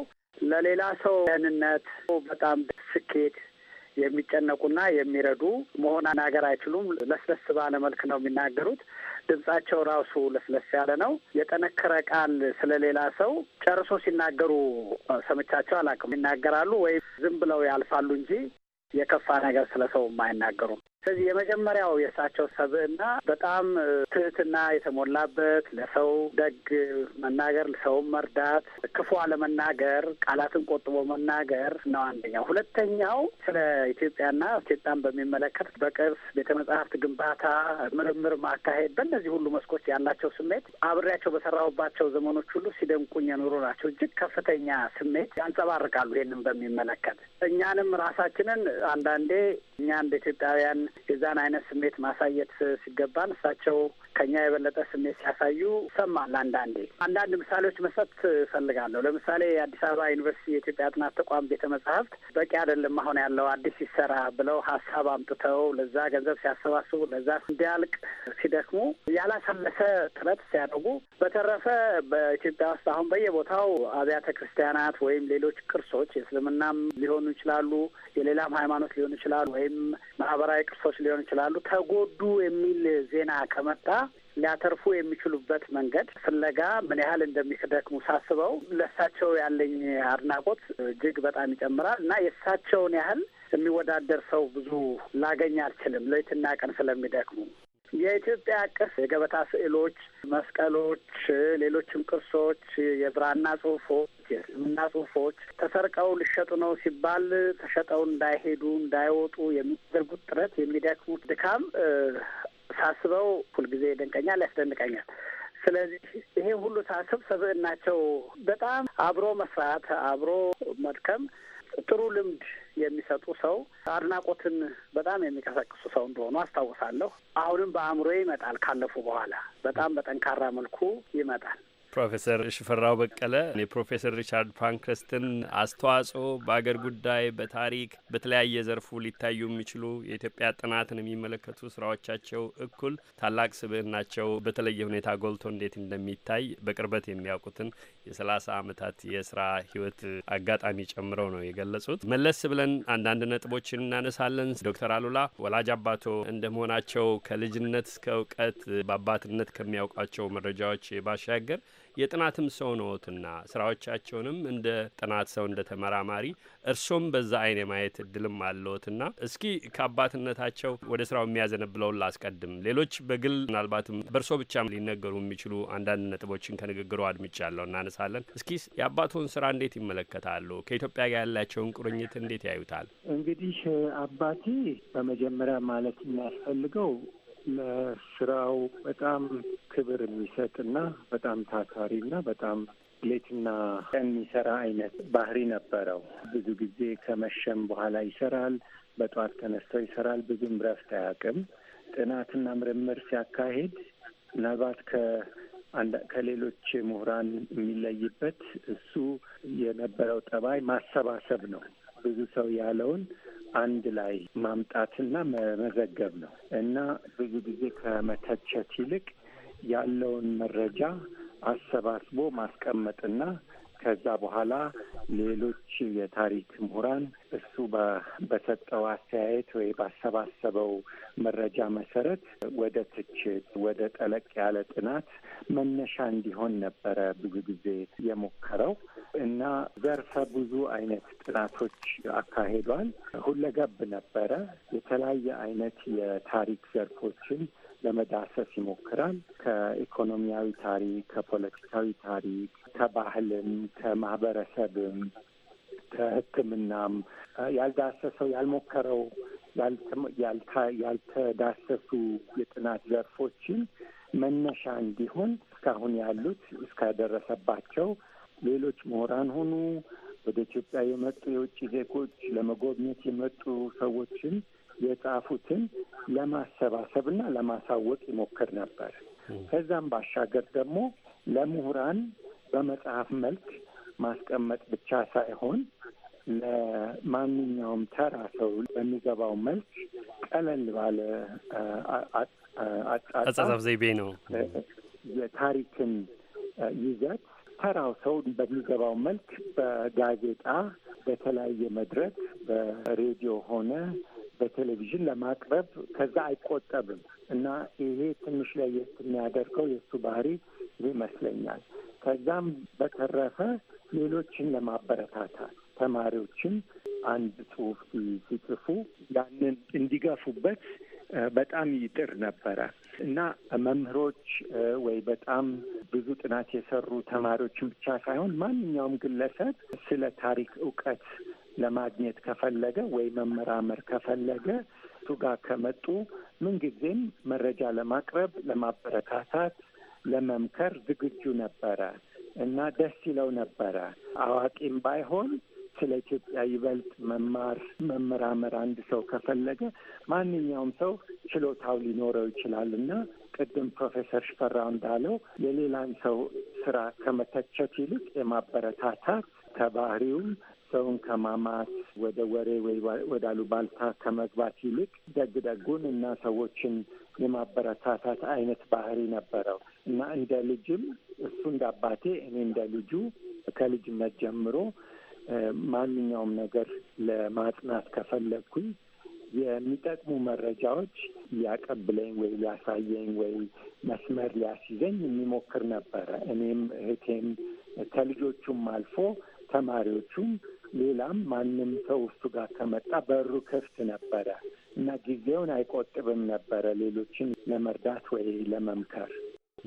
ለሌላ ሰው ደህንነት በጣም ስኬት የሚጨነቁና የሚረዱ መሆን አናገር አይችሉም። ለስለስ ባለ መልክ ነው የሚናገሩት። ድምጻቸው ራሱ ለስለስ ያለ ነው። የጠነከረ ቃል ስለሌላ ሰው ጨርሶ ሲናገሩ ሰምቻቸው አላውቅም። ይናገራሉ ወይም ዝም ብለው ያልፋሉ እንጂ የከፋ ነገር ስለ ሰው አይናገሩም። ስለዚህ የመጀመሪያው የእሳቸው ሰብዕና በጣም ትህትና የተሞላበት ለሰው ደግ መናገር፣ ሰውን መርዳት፣ ክፉ አለመናገር፣ ቃላትን ቆጥቦ መናገር ነው አንደኛው። ሁለተኛው ስለ ኢትዮጵያና ኢትዮጵያን በሚመለከት በቅርስ ቤተ መጽሐፍት ግንባታ ምርምር ማካሄድ፣ በእነዚህ ሁሉ መስኮች ያላቸው ስሜት አብሬያቸው በሰራሁባቸው ዘመኖች ሁሉ ሲደንቁኝ የኖሩ ናቸው። እጅግ ከፍተኛ ስሜት ያንጸባርቃሉ። ይህንም በሚመለከት እኛንም ራሳችንን አንዳንዴ እኛ እንደ ኢትዮጵያውያን የዛን አይነት ስሜት ማሳየት ሲገባን እሳቸው ከኛ የበለጠ ስሜት ሲያሳዩ ይሰማል። አንዳንዴ አንዳንድ ምሳሌዎች መስጠት እፈልጋለሁ። ለምሳሌ የአዲስ አበባ ዩኒቨርሲቲ የኢትዮጵያ ጥናት ተቋም ቤተ መጽሐፍት በቂ አይደለም አሁን ያለው አዲስ ሲሰራ ብለው ሀሳብ አምጥተው ለዛ ገንዘብ ሲያሰባስቡ ለዛ እንዲያልቅ ሲደክሙ ያላሰለሰ ጥረት ሲያደርጉ፣ በተረፈ በኢትዮጵያ ውስጥ አሁን በየቦታው አብያተ ክርስቲያናት ወይም ሌሎች ቅርሶች የእስልምናም ሊሆኑ ይችላሉ፣ የሌላም ሃይማኖት ሊሆኑ ይችላሉ፣ ወይም ማህበራዊ ቅርሶች ሊሆኑ ይችላሉ ተጎዱ የሚል ዜና ከመጣ ሊያተርፉ የሚችሉበት መንገድ ፍለጋ ምን ያህል እንደሚደክሙ ሳስበው ለእሳቸው ያለኝ አድናቆት እጅግ በጣም ይጨምራል እና የእሳቸውን ያህል የሚወዳደር ሰው ብዙ ላገኝ አልችልም። ሌትና ቀን ስለሚደክሙ የኢትዮጵያ ቅርስ የገበታ ስዕሎች፣ መስቀሎች፣ ሌሎችም ቅርሶች፣ የብራና ጽሁፎች፣ የስልምና ጽሁፎች ተሰርቀው ሊሸጡ ነው ሲባል ተሸጠው እንዳይሄዱ እንዳይወጡ የሚያደርጉት ጥረት የሚደክሙት ድካም ሳስበው ሁልጊዜ ይደንቀኛል፣ ያስደንቀኛል። ስለዚህ ይሄ ሁሉ ሳስብ ሰብእናቸው በጣም አብሮ መስራት፣ አብሮ መድከም፣ ጥሩ ልምድ የሚሰጡ ሰው፣ አድናቆትን በጣም የሚቀሰቅሱ ሰው እንደሆኑ አስታውሳለሁ። አሁንም በአእምሮ ይመጣል። ካለፉ በኋላ በጣም በጠንካራ መልኩ ይመጣል። ፕሮፌሰር ሽፈራው በቀለ የፕሮፌሰር ሪቻርድ ፓንክረስትን አስተዋጽኦ በአገር ጉዳይ፣ በታሪክ በተለያየ ዘርፉ ሊታዩ የሚችሉ የኢትዮጵያ ጥናትን የሚመለከቱ ስራዎቻቸው እኩል ታላቅ ስብዕናቸው በተለየ ሁኔታ ጎልቶ እንዴት እንደሚታይ በቅርበት የሚያውቁትን የሰላሳ አመታት የስራ ህይወት አጋጣሚ ጨምረው ነው የገለጹት። መለስ ብለን አንዳንድ ነጥቦችን እናነሳለን። ዶክተር አሉላ ወላጅ አባቶ እንደመሆናቸው ከልጅነት እስከ እውቀት በአባትነት ከሚያውቋቸው መረጃዎች ባሻገር የጥናትም ሰው ነዎትና ስራዎቻቸውንም እንደ ጥናት ሰው እንደ ተመራማሪ እርሶም በዛ አይን የማየት እድልም አለዎትና እስኪ ከአባትነታቸው ወደ ስራው የሚያዘነብለውን ላስቀድም። ሌሎች በግል ምናልባትም በእርሶ ብቻ ሊነገሩ የሚችሉ አንዳንድ ነጥቦችን ከንግግሩ አድምጫለሁ፣ እናነሳለን። እስኪ የአባቶን ስራ እንዴት ይመለከታሉ? ከኢትዮጵያ ጋር ያላቸውን ቁርኝት እንዴት ያዩታል? እንግዲህ አባቴ በመጀመሪያ ማለት የሚያስፈልገው ለስራው በጣም ክብር የሚሰጥ እና በጣም ታታሪ እና በጣም ሌትና የሚሰራ አይነት ባህሪ ነበረው። ብዙ ጊዜ ከመሸም በኋላ ይሰራል። በጠዋት ተነስተው ይሰራል። ብዙም ረፍት አያውቅም። ጥናትና ምርምር ሲያካሂድ ምናልባት ከሌሎች ምሁራን የሚለይበት እሱ የነበረው ጠባይ ማሰባሰብ ነው። ብዙ ሰው ያለውን አንድ ላይ ማምጣትና መዘገብ ነው እና ብዙ ጊዜ ከመተቸት ይልቅ ያለውን መረጃ አሰባስቦ ማስቀመጥና ከዛ በኋላ ሌሎች የታሪክ ምሁራን እሱ በሰጠው አስተያየት ወይ ባሰባሰበው መረጃ መሰረት ወደ ትችት፣ ወደ ጠለቅ ያለ ጥናት መነሻ እንዲሆን ነበረ ብዙ ጊዜ የሞከረው እና ዘርፈ ብዙ አይነት ጥናቶች አካሂዷል። ሁለገብ ነበረ። የተለያየ አይነት የታሪክ ዘርፎችን ለመዳሰስ ይሞክራል። ከኢኮኖሚያዊ ታሪክ፣ ከፖለቲካዊ ታሪክ፣ ከባህልም፣ ከማህበረሰብም፣ ከሕክምናም ያልዳሰሰው ያልሞከረው ያልተዳሰሱ የጥናት ዘርፎችን መነሻ እንዲሆን እስካሁን ያሉት እስካደረሰባቸው ሌሎች ምሁራን ሆኑ ወደ ኢትዮጵያ የመጡ የውጭ ዜጎች ለመጎብኘት የመጡ ሰዎችን የጻፉትን ለማሰባሰብ እና ለማሳወቅ ይሞክር ነበር። ከዛም ባሻገር ደግሞ ለምሁራን በመጽሐፍ መልክ ማስቀመጥ ብቻ ሳይሆን ለማንኛውም ተራ ሰው በሚገባው መልክ ቀለል ባለ አጻጻፍ ዘይቤ ነው የታሪክን ይዘት ተራው ሰው በሚገባው መልክ በጋዜጣ፣ በተለያየ መድረክ በሬዲዮ ሆነ በቴሌቪዥን ለማቅረብ ከዛ አይቆጠብም እና ይሄ ትንሽ ላይ የሚያደርገው የእሱ ባህሪ ይመስለኛል። ከዛም በተረፈ ሌሎችን ለማበረታታት ተማሪዎችን አንድ ጽሁፍ ሲጽፉ ያንን እንዲገፉበት በጣም ይጥር ነበረ እና መምህሮች ወይ በጣም ብዙ ጥናት የሰሩ ተማሪዎችን ብቻ ሳይሆን ማንኛውም ግለሰብ ስለ ታሪክ እውቀት ለማግኘት ከፈለገ ወይ መመራመር ከፈለገ እሱ ጋር ከመጡ ምንጊዜም መረጃ ለማቅረብ፣ ለማበረታታት፣ ለመምከር ዝግጁ ነበረ እና ደስ ይለው ነበረ። አዋቂም ባይሆን ስለ ኢትዮጵያ ይበልጥ መማር መመራመር አንድ ሰው ከፈለገ ማንኛውም ሰው ችሎታው ሊኖረው ይችላል እና ቅድም ፕሮፌሰር ሽፈራው እንዳለው የሌላን ሰው ስራ ከመተቸት ይልቅ የማበረታታት ከባህሪውም ሰውን ከማማት ወደ ወሬ ወይ ወደ ባልታ ከመግባት ይልቅ ደግ ደጉን እና ሰዎችን የማበረታታት አይነት ባህሪ ነበረው እና እንደ ልጅም እሱ እንደ አባቴ እኔ እንደ ልጁ ከልጅነት ጀምሮ ማንኛውም ነገር ለማጽናት ከፈለግኩኝ የሚጠቅሙ መረጃዎች ሊያቀብለኝ ወይ ሊያሳየኝ ወይ መስመር ሊያስይዘኝ የሚሞክር ነበረ። እኔም እህቴም ከልጆቹም አልፎ ተማሪዎቹም ሌላም ማንም ሰው እሱ ጋር ከመጣ በሩ ክፍት ነበረ እና ጊዜውን አይቆጥብም ነበረ ሌሎችን ለመርዳት ወይ ለመምከር።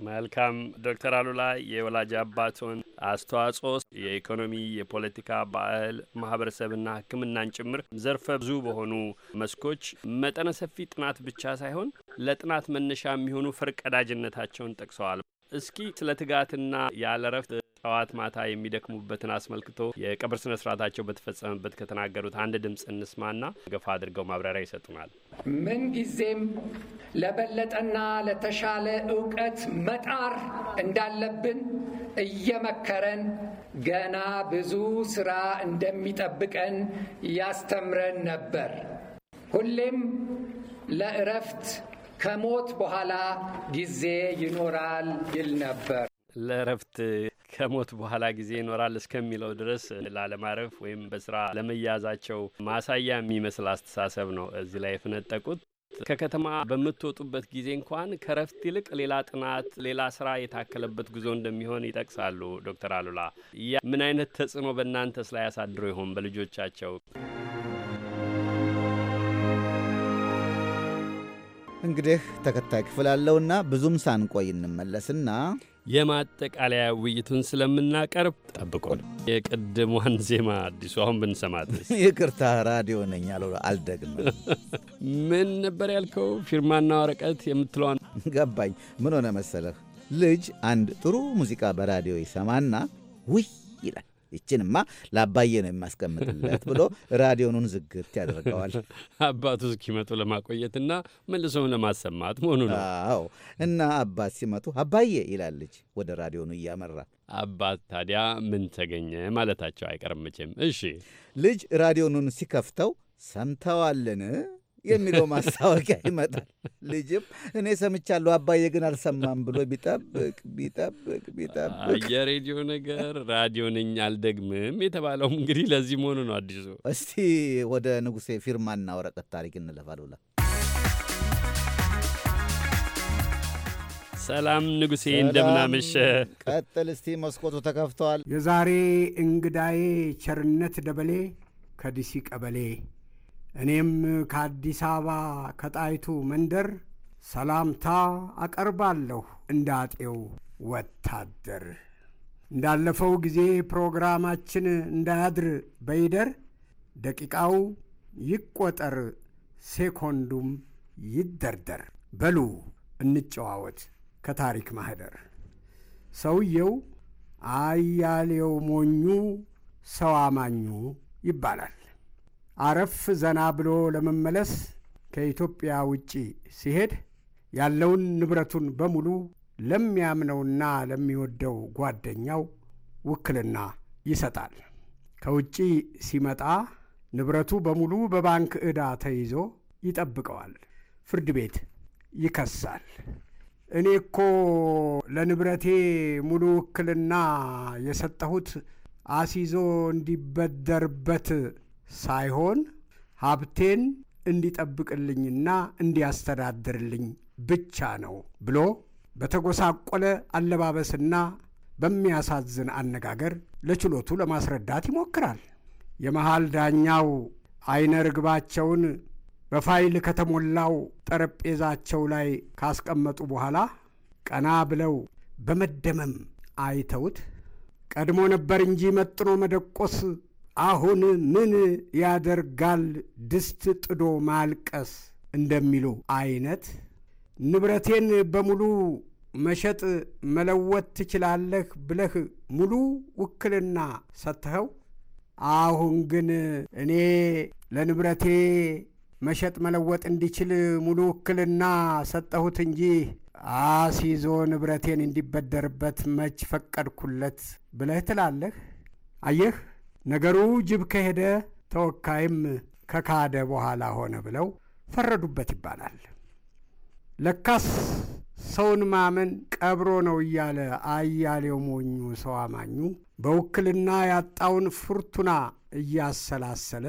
መልካም ዶክተር አሉላ የወላጅ አባቶን አስተዋጽኦ የኢኮኖሚ፣ የፖለቲካ፣ ባህል፣ ማህበረሰብና ሕክምናን ጭምር ዘርፈ ብዙ በሆኑ መስኮች መጠነ ሰፊ ጥናት ብቻ ሳይሆን ለጥናት መነሻ የሚሆኑ ፈርቀዳጅነታቸውን ጠቅሰዋል። እስኪ ስለ ትጋትና ያለ ጠዋት ማታ የሚደክሙበትን አስመልክቶ የቀብር ስነ ስርዓታቸው በተፈጸመበት ከተናገሩት አንድ ድምፅ እንስማና ገፋ አድርገው ማብራሪያ ይሰጡናል። ምንጊዜም ለበለጠና ለተሻለ እውቀት መጣር እንዳለብን እየመከረን ገና ብዙ ስራ እንደሚጠብቀን ያስተምረን ነበር። ሁሌም ለእረፍት ከሞት በኋላ ጊዜ ይኖራል ይል ነበር። ለእረፍት ከሞት በኋላ ጊዜ ይኖራል እስከሚለው ድረስ ላለማረፍ ወይም በስራ ለመያዛቸው ማሳያ የሚመስል አስተሳሰብ ነው እዚህ ላይ የፈነጠቁት። ከከተማ በምትወጡበት ጊዜ እንኳን ከረፍት ይልቅ ሌላ ጥናት፣ ሌላ ስራ የታከለበት ጉዞ እንደሚሆን ይጠቅሳሉ ዶክተር አሉላ። ያ ምን አይነት ተጽዕኖ በእናንተስ ላይ ያሳድሮ ይሆን በልጆቻቸው? እንግዲህ ተከታይ ክፍል አለውና ብዙም ሳንቆይ እንመለስና የማጠቃለያ ውይይቱን ስለምናቀርብ ጠብቆን የቅድሟን ዜማ አዲሱ አሁን ብንሰማት። ይቅርታ ራዲዮ ነኝ አልደግም። ምን ነበር ያልከው? ፊርማና ወረቀት የምትለዋን ገባኝ። ምን ሆነ መሰለህ፣ ልጅ አንድ ጥሩ ሙዚቃ በራዲዮ ይሰማና ውይ ይላል ይችንማ ለአባዬ ነው የማስቀምጥለት ብሎ ራዲዮኑን ዝግት ያደርገዋል። አባቱ እስኪመጡ ለማቆየትና መልሶውን ለማሰማት መሆኑ ነው። እና አባት ሲመጡ አባዬ ይላል ልጅ ወደ ራዲዮኑ እያመራ። አባት ታዲያ ምን ተገኘ ማለታቸው አይቀርም መቼም። እሺ ልጅ ራዲዮኑን ሲከፍተው ሰምተዋልን የሚለው ማስታወቂያ ይመጣል። ልጅም እኔ ሰምቻለሁ አባዬ ግን አልሰማም ብሎ ቢጠብቅ ቢጠብቅ ቢጠብቅ የሬዲዮ ነገር ራዲዮ ነኝ አልደግምም የተባለውም እንግዲህ ለዚህ መሆኑ ነው። አዲሱ እስቲ ወደ ንጉሴ ፊርማና ወረቀት ታሪክ እንለፋል ሰላም ንጉሴ፣ እንደምናመሸ ቀጥል እስቲ መስኮቱ ተከፍተዋል። የዛሬ እንግዳዬ ቸርነት ደበሌ ከዲሲ ቀበሌ እኔም ከአዲስ አበባ ከጣይቱ መንደር ሰላምታ አቀርባለሁ እንዳጤው ወታደር። እንዳለፈው ጊዜ ፕሮግራማችን እንዳያድር በይደር ደቂቃው ይቆጠር ሴኮንዱም ይደርደር። በሉ እንጨዋወት ከታሪክ ማህደር። ሰውየው አያሌው ሞኙ ሰው አማኙ ይባላል። አረፍ ዘና ብሎ ለመመለስ ከኢትዮጵያ ውጪ ሲሄድ ያለውን ንብረቱን በሙሉ ለሚያምነውና ለሚወደው ጓደኛው ውክልና ይሰጣል። ከውጪ ሲመጣ ንብረቱ በሙሉ በባንክ ዕዳ ተይዞ ይጠብቀዋል። ፍርድ ቤት ይከሳል። እኔ እኮ ለንብረቴ ሙሉ ውክልና የሰጠሁት አስይዞ እንዲበደርበት ሳይሆን ሀብቴን እንዲጠብቅልኝና እንዲያስተዳድርልኝ ብቻ ነው ብሎ በተጎሳቆለ አለባበስና በሚያሳዝን አነጋገር ለችሎቱ ለማስረዳት ይሞክራል። የመሃል ዳኛው አይነ ርግባቸውን በፋይል ከተሞላው ጠረጴዛቸው ላይ ካስቀመጡ በኋላ ቀና ብለው በመደመም አይተውት ቀድሞ ነበር እንጂ መጥኖ መደቆስ አሁን ምን ያደርጋል ድስት ጥዶ ማልቀስ እንደሚሉ አይነት ንብረቴን በሙሉ መሸጥ መለወጥ ትችላለህ ብለህ ሙሉ ውክልና ሰተኸው አሁን ግን እኔ ለንብረቴ መሸጥ መለወጥ እንዲችል ሙሉ ውክልና ሰጠሁት እንጂ አስይዞ ንብረቴን እንዲበደርበት መች ፈቀድኩለት ብለህ ትላለህ። አየህ ነገሩ ጅብ ከሄደ ተወካይም ከካደ በኋላ ሆነ ብለው ፈረዱበት ይባላል። ለካስ ሰውን ማመን ቀብሮ ነው እያለ አያሌው ሞኙ ሰው አማኙ በውክልና ያጣውን ፍርቱና እያሰላሰለ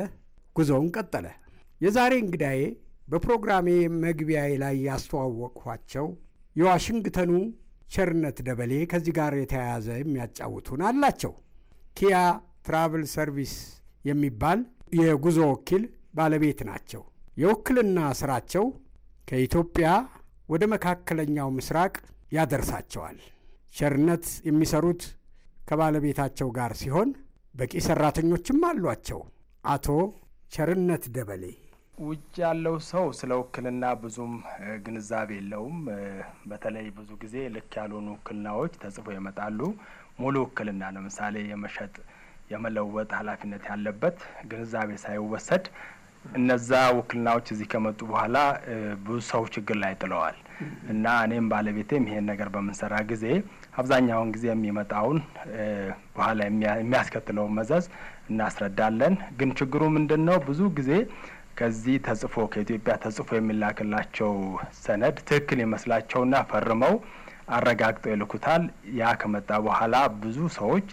ጉዞውን ቀጠለ። የዛሬ እንግዳዬ በፕሮግራሜ መግቢያዬ ላይ ያስተዋወቅኋቸው የዋሽንግተኑ ቸርነት ደበሌ ከዚህ ጋር የተያያዘ የሚያጫውቱን አላቸው። ኪያ ትራቭል ሰርቪስ የሚባል የጉዞ ወኪል ባለቤት ናቸው። የውክልና ስራቸው ከኢትዮጵያ ወደ መካከለኛው ምስራቅ ያደርሳቸዋል። ቸርነት የሚሰሩት ከባለቤታቸው ጋር ሲሆን በቂ ሰራተኞችም አሏቸው። አቶ ቸርነት ደበሌ ውጭ ያለው ሰው ስለ ውክልና ብዙም ግንዛቤ የለውም። በተለይ ብዙ ጊዜ ልክ ያልሆኑ ውክልናዎች ተጽፎ ይመጣሉ። ሙሉ ውክልና ለምሳሌ የመሸጥ የመለወጥ ኃላፊነት ያለበት ግንዛቤ ሳይወሰድ እነዛ ውክልናዎች እዚህ ከመጡ በኋላ ብዙ ሰው ችግር ላይ ጥለዋል እና እኔም ባለቤቴም ይሄን ነገር በምንሰራ ጊዜ አብዛኛውን ጊዜ የሚመጣውን በኋላ የሚያስከትለውን መዘዝ እናስረዳለን። ግን ችግሩ ምንድን ነው? ብዙ ጊዜ ከዚህ ተጽፎ ከኢትዮጵያ ተጽፎ የሚላክላቸው ሰነድ ትክክል ይመስላቸውና ፈርመው አረጋግጠው ይልኩታል። ያ ከመጣ በኋላ ብዙ ሰዎች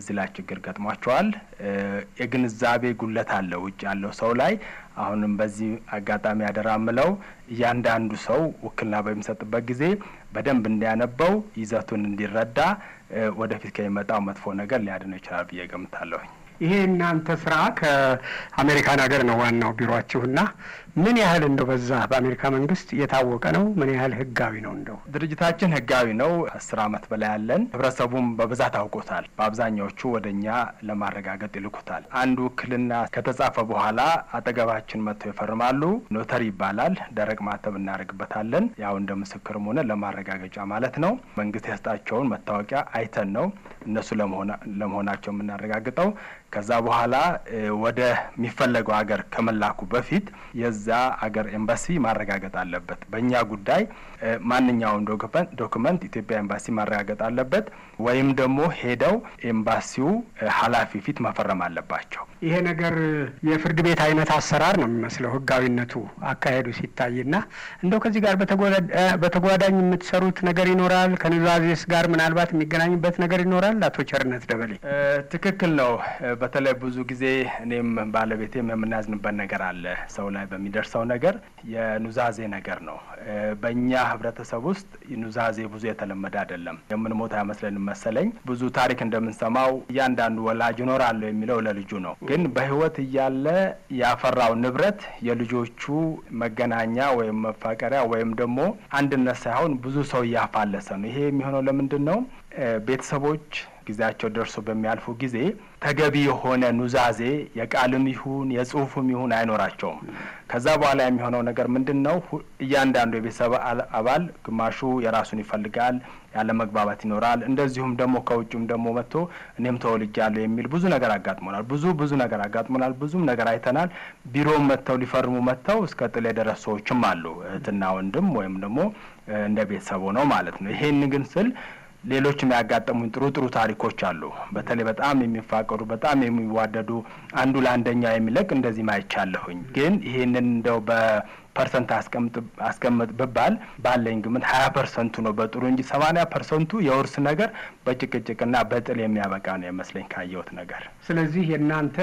እዚህ ላይ ችግር ገጥሟቸዋል። የግንዛቤ ጉለት አለ ውጭ ያለው ሰው ላይ። አሁንም በዚህ አጋጣሚ አደራ ምለው እያንዳንዱ ሰው ውክልና በሚሰጥበት ጊዜ በደንብ እንዲያነበው ይዘቱን እንዲረዳ፣ ወደፊት ከሚመጣው መጥፎ ነገር ሊያድነው ይችላል ብዬ ገምታለሁኝ። ይሄ እናንተ ስራ ከአሜሪካን ሀገር ነው ዋናው ቢሮአችሁና ምን ያህል እንደው በዛ በአሜሪካ መንግስት የታወቀ ነው? ምን ያህል ህጋዊ ነው? እንደው ድርጅታችን ህጋዊ ነው። አስር አመት በላይ ያለን፣ ህብረተሰቡም በብዛት አውቆታል። በአብዛኛዎቹ ወደ እኛ ለማረጋገጥ ይልኩታል። አንድ ውክልና ከተጻፈ በኋላ አጠገባችን መጥተው ይፈርማሉ። ኖተሪ ይባላል። ደረቅ ማተብ እናደርግበታለን። ያው እንደ ምስክርም ሆነ ለማረጋገጫ ማለት ነው። መንግስት የሰጣቸውን መታወቂያ አይተን ነው እነሱ ለመሆናቸው የምናረጋግጠው። ከዛ በኋላ ወደ ሀገር ከመላኩ በፊት የዛ አገር ኤምባሲ ማረጋገጥ አለበት። በእኛ ጉዳይ ማንኛውም ዶክመንት ኢትዮጵያ ኤምባሲ ማረጋገጥ አለበት፣ ወይም ደግሞ ሄደው ኤምባሲው ኃላፊ ፊት መፈረም አለባቸው። ይሄ ነገር የፍርድ ቤት አይነት አሰራር ነው የሚመስለው ህጋዊነቱ አካሄዱ ሲታይና እንደው ከዚህ ጋር በተጓዳኝ የምትሰሩት ነገር ይኖራል ከኑዛዜስ ጋር ምናልባት የሚገናኝበት ነገር ይኖራል። አቶ ቸርነት ደበሌ ትክክል ነው። በተለይ ብዙ ጊዜ እኔም ባለቤቴም የምናዝንበት ነገር አለ ሰው ላይ በሚደ የሚደርሰው ነገር የኑዛዜ ነገር ነው። በእኛ ህብረተሰብ ውስጥ ኑዛዜ ብዙ የተለመደ አይደለም። የምንሞት አይመስለን መሰለኝ። ብዙ ታሪክ እንደምንሰማው እያንዳንዱ ወላጅ እኖራለሁ የሚለው ለልጁ ነው። ግን በህይወት እያለ ያፈራው ንብረት የልጆቹ መገናኛ ወይም መፋቀሪያ ወይም ደግሞ አንድነት ሳይሆን ብዙ ሰው እያፋለሰ ነው። ይሄ የሚሆነው ለምንድን ነው? ቤተሰቦች ጊዜያቸው ደርሶ በሚያልፉ ጊዜ ተገቢ የሆነ ኑዛዜ የቃልም ይሁን የጽሁፍም ይሁን አይኖራቸውም። ከዛ በኋላ የሚሆነው ነገር ምንድን ነው? እያንዳንዱ የቤተሰብ አባል ግማሹ የራሱን ይፈልጋል፣ ያለ መግባባት ይኖራል። እንደዚሁም ደግሞ ከውጭም ደግሞ መጥቶ እኔም ተወልጃለሁ የሚል ብዙ ነገር አጋጥሞናል። ብዙ ብዙ ነገር አጋጥሞናል። ብዙም ነገር አይተናል። ቢሮም መጥተው ሊፈርሙ መጥተው እስከ ጥል የደረሱ ሰዎችም አሉ። እህትና ወንድም ወይም ደግሞ እንደ ቤተሰቡ ነው ማለት ነው። ይሄን ግን ስል ሌሎችም ያጋጠሙኝ ጥሩ ጥሩ ታሪኮች አሉ። በተለይ በጣም የሚፋቀሩ በጣም የሚዋደዱ አንዱ ለአንደኛ የሚለቅ እንደዚህ ማይቻለሁኝ። ግን ይህንን እንደው በፐርሰንት አስቀምጥ ብባል ባለኝ ግምት ሀያ ፐርሰንቱ ነው በጥሩ እንጂ ሰማኒያ ፐርሰንቱ የውርስ ነገር በጭቅጭቅና በጥል የሚያበቃ ነው የመስለኝ ካየሁት ነገር። ስለዚህ የእናንተ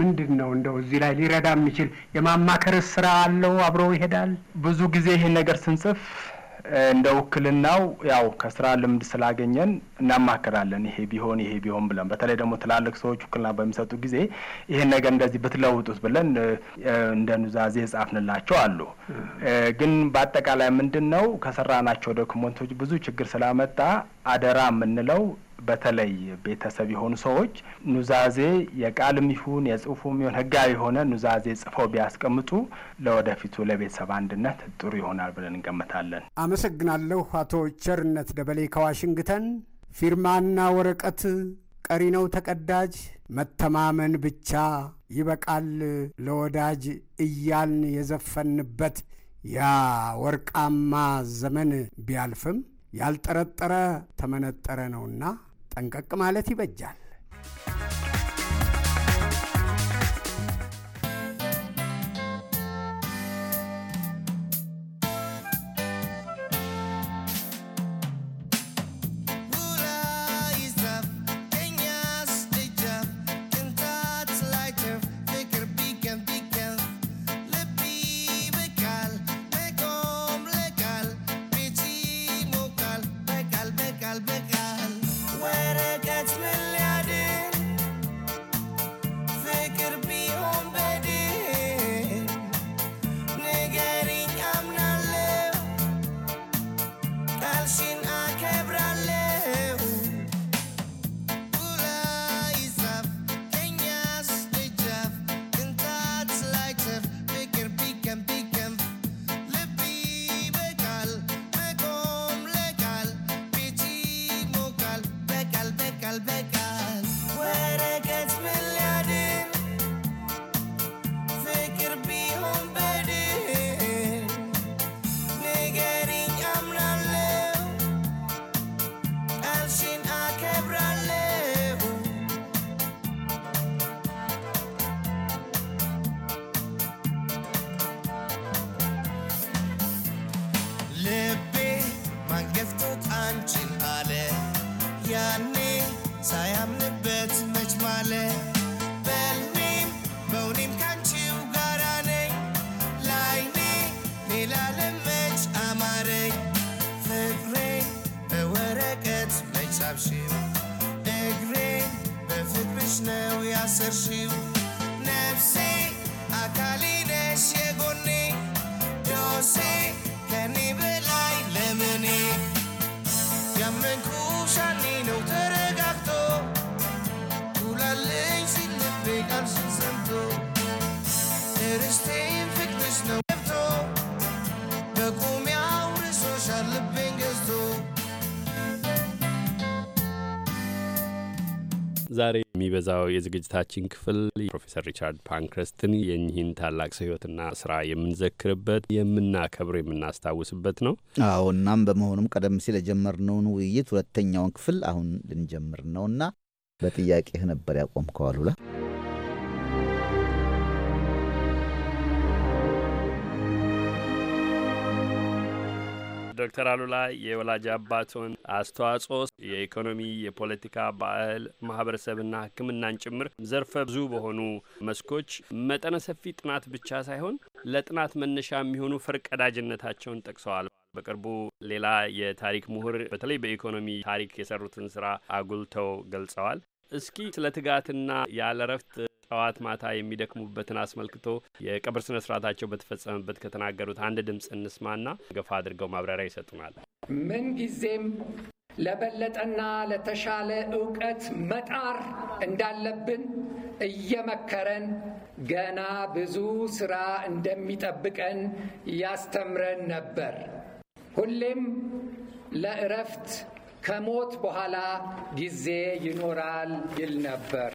ምንድን ነው እንደው እዚህ ላይ ሊረዳ የሚችል የማማከር ስራ አለው? አብሮ ይሄዳል። ብዙ ጊዜ ይህን ነገር ስንጽፍ እንደ ውክልናው ያው ከስራ ልምድ ስላገኘን እናማክራለን። ይሄ ቢሆን ይሄ ቢሆን ብለን በተለይ ደግሞ ትላልቅ ሰዎች ውክልና በሚሰጡ ጊዜ ይሄን ነገር እንደዚህ ብትለውጡት ብለን እንደ ኑዛዜ ጻፍንላቸው አሉ። ግን በአጠቃላይ ምንድን ነው ከሰራናቸው ዶክመንቶች ብዙ ችግር ስላመጣ አደራ የምንለው በተለይ ቤተሰብ የሆኑ ሰዎች ኑዛዜ የቃልም ይሁን የጽሁፉም ይሁን ህጋዊ የሆነ ኑዛዜ ጽፈው ቢያስቀምጡ ለወደፊቱ ለቤተሰብ አንድነት ጥሩ ይሆናል ብለን እንገምታለን። አመሰግናለሁ። አቶ ቸርነት ደበሌ ከዋሽንግተን ፊርማና ወረቀት ቀሪ ነው ተቀዳጅ፣ መተማመን ብቻ ይበቃል ለወዳጅ እያልን የዘፈንበት ያ ወርቃማ ዘመን ቢያልፍም ያልጠረጠረ ተመነጠረ ነውና ጠንቀቅ ማለት ይበጃል። ዛሬ የሚበዛው የዝግጅታችን ክፍል ፕሮፌሰር ሪቻርድ ፓንክረስትን የኚህን ታላቅ ሰው ህይወትና ስራ የምንዘክርበት፣ የምናከብረው የምናስታውስበት ነው። አዎ። እናም በመሆኑም ቀደም ሲል የጀመርነውን ውይይት ሁለተኛውን ክፍል አሁን ልንጀምር ነውና በጥያቄህ ነበር ያቆምከው ዶክተር አሉላ የወላጅ አባቶን አስተዋጽኦ የኢኮኖሚ፣ የፖለቲካ፣ ባህል፣ ማህበረሰብና ሕክምናን ጭምር ዘርፈ ብዙ በሆኑ መስኮች መጠነ ሰፊ ጥናት ብቻ ሳይሆን ለጥናት መነሻ የሚሆኑ ፈርቀዳጅነታቸውን ጠቅሰዋል። በቅርቡ ሌላ የታሪክ ምሁር በተለይ በኢኮኖሚ ታሪክ የሰሩትን ስራ አጉልተው ገልጸዋል። እስኪ ስለ ትጋትና ያለ እረፍት ጠዋት ማታ የሚደክሙበትን አስመልክቶ የቀብር ስነ ስርዓታቸው በተፈጸመበት ከተናገሩት አንድ ድምፅ እንስማና ገፋ አድርገው ማብራሪያ ይሰጡናል። ምን ጊዜም ለበለጠና ለተሻለ እውቀት መጣር እንዳለብን እየመከረን ገና ብዙ ስራ እንደሚጠብቀን ያስተምረን ነበር። ሁሌም ለእረፍት ከሞት በኋላ ጊዜ ይኖራል ይል ነበር።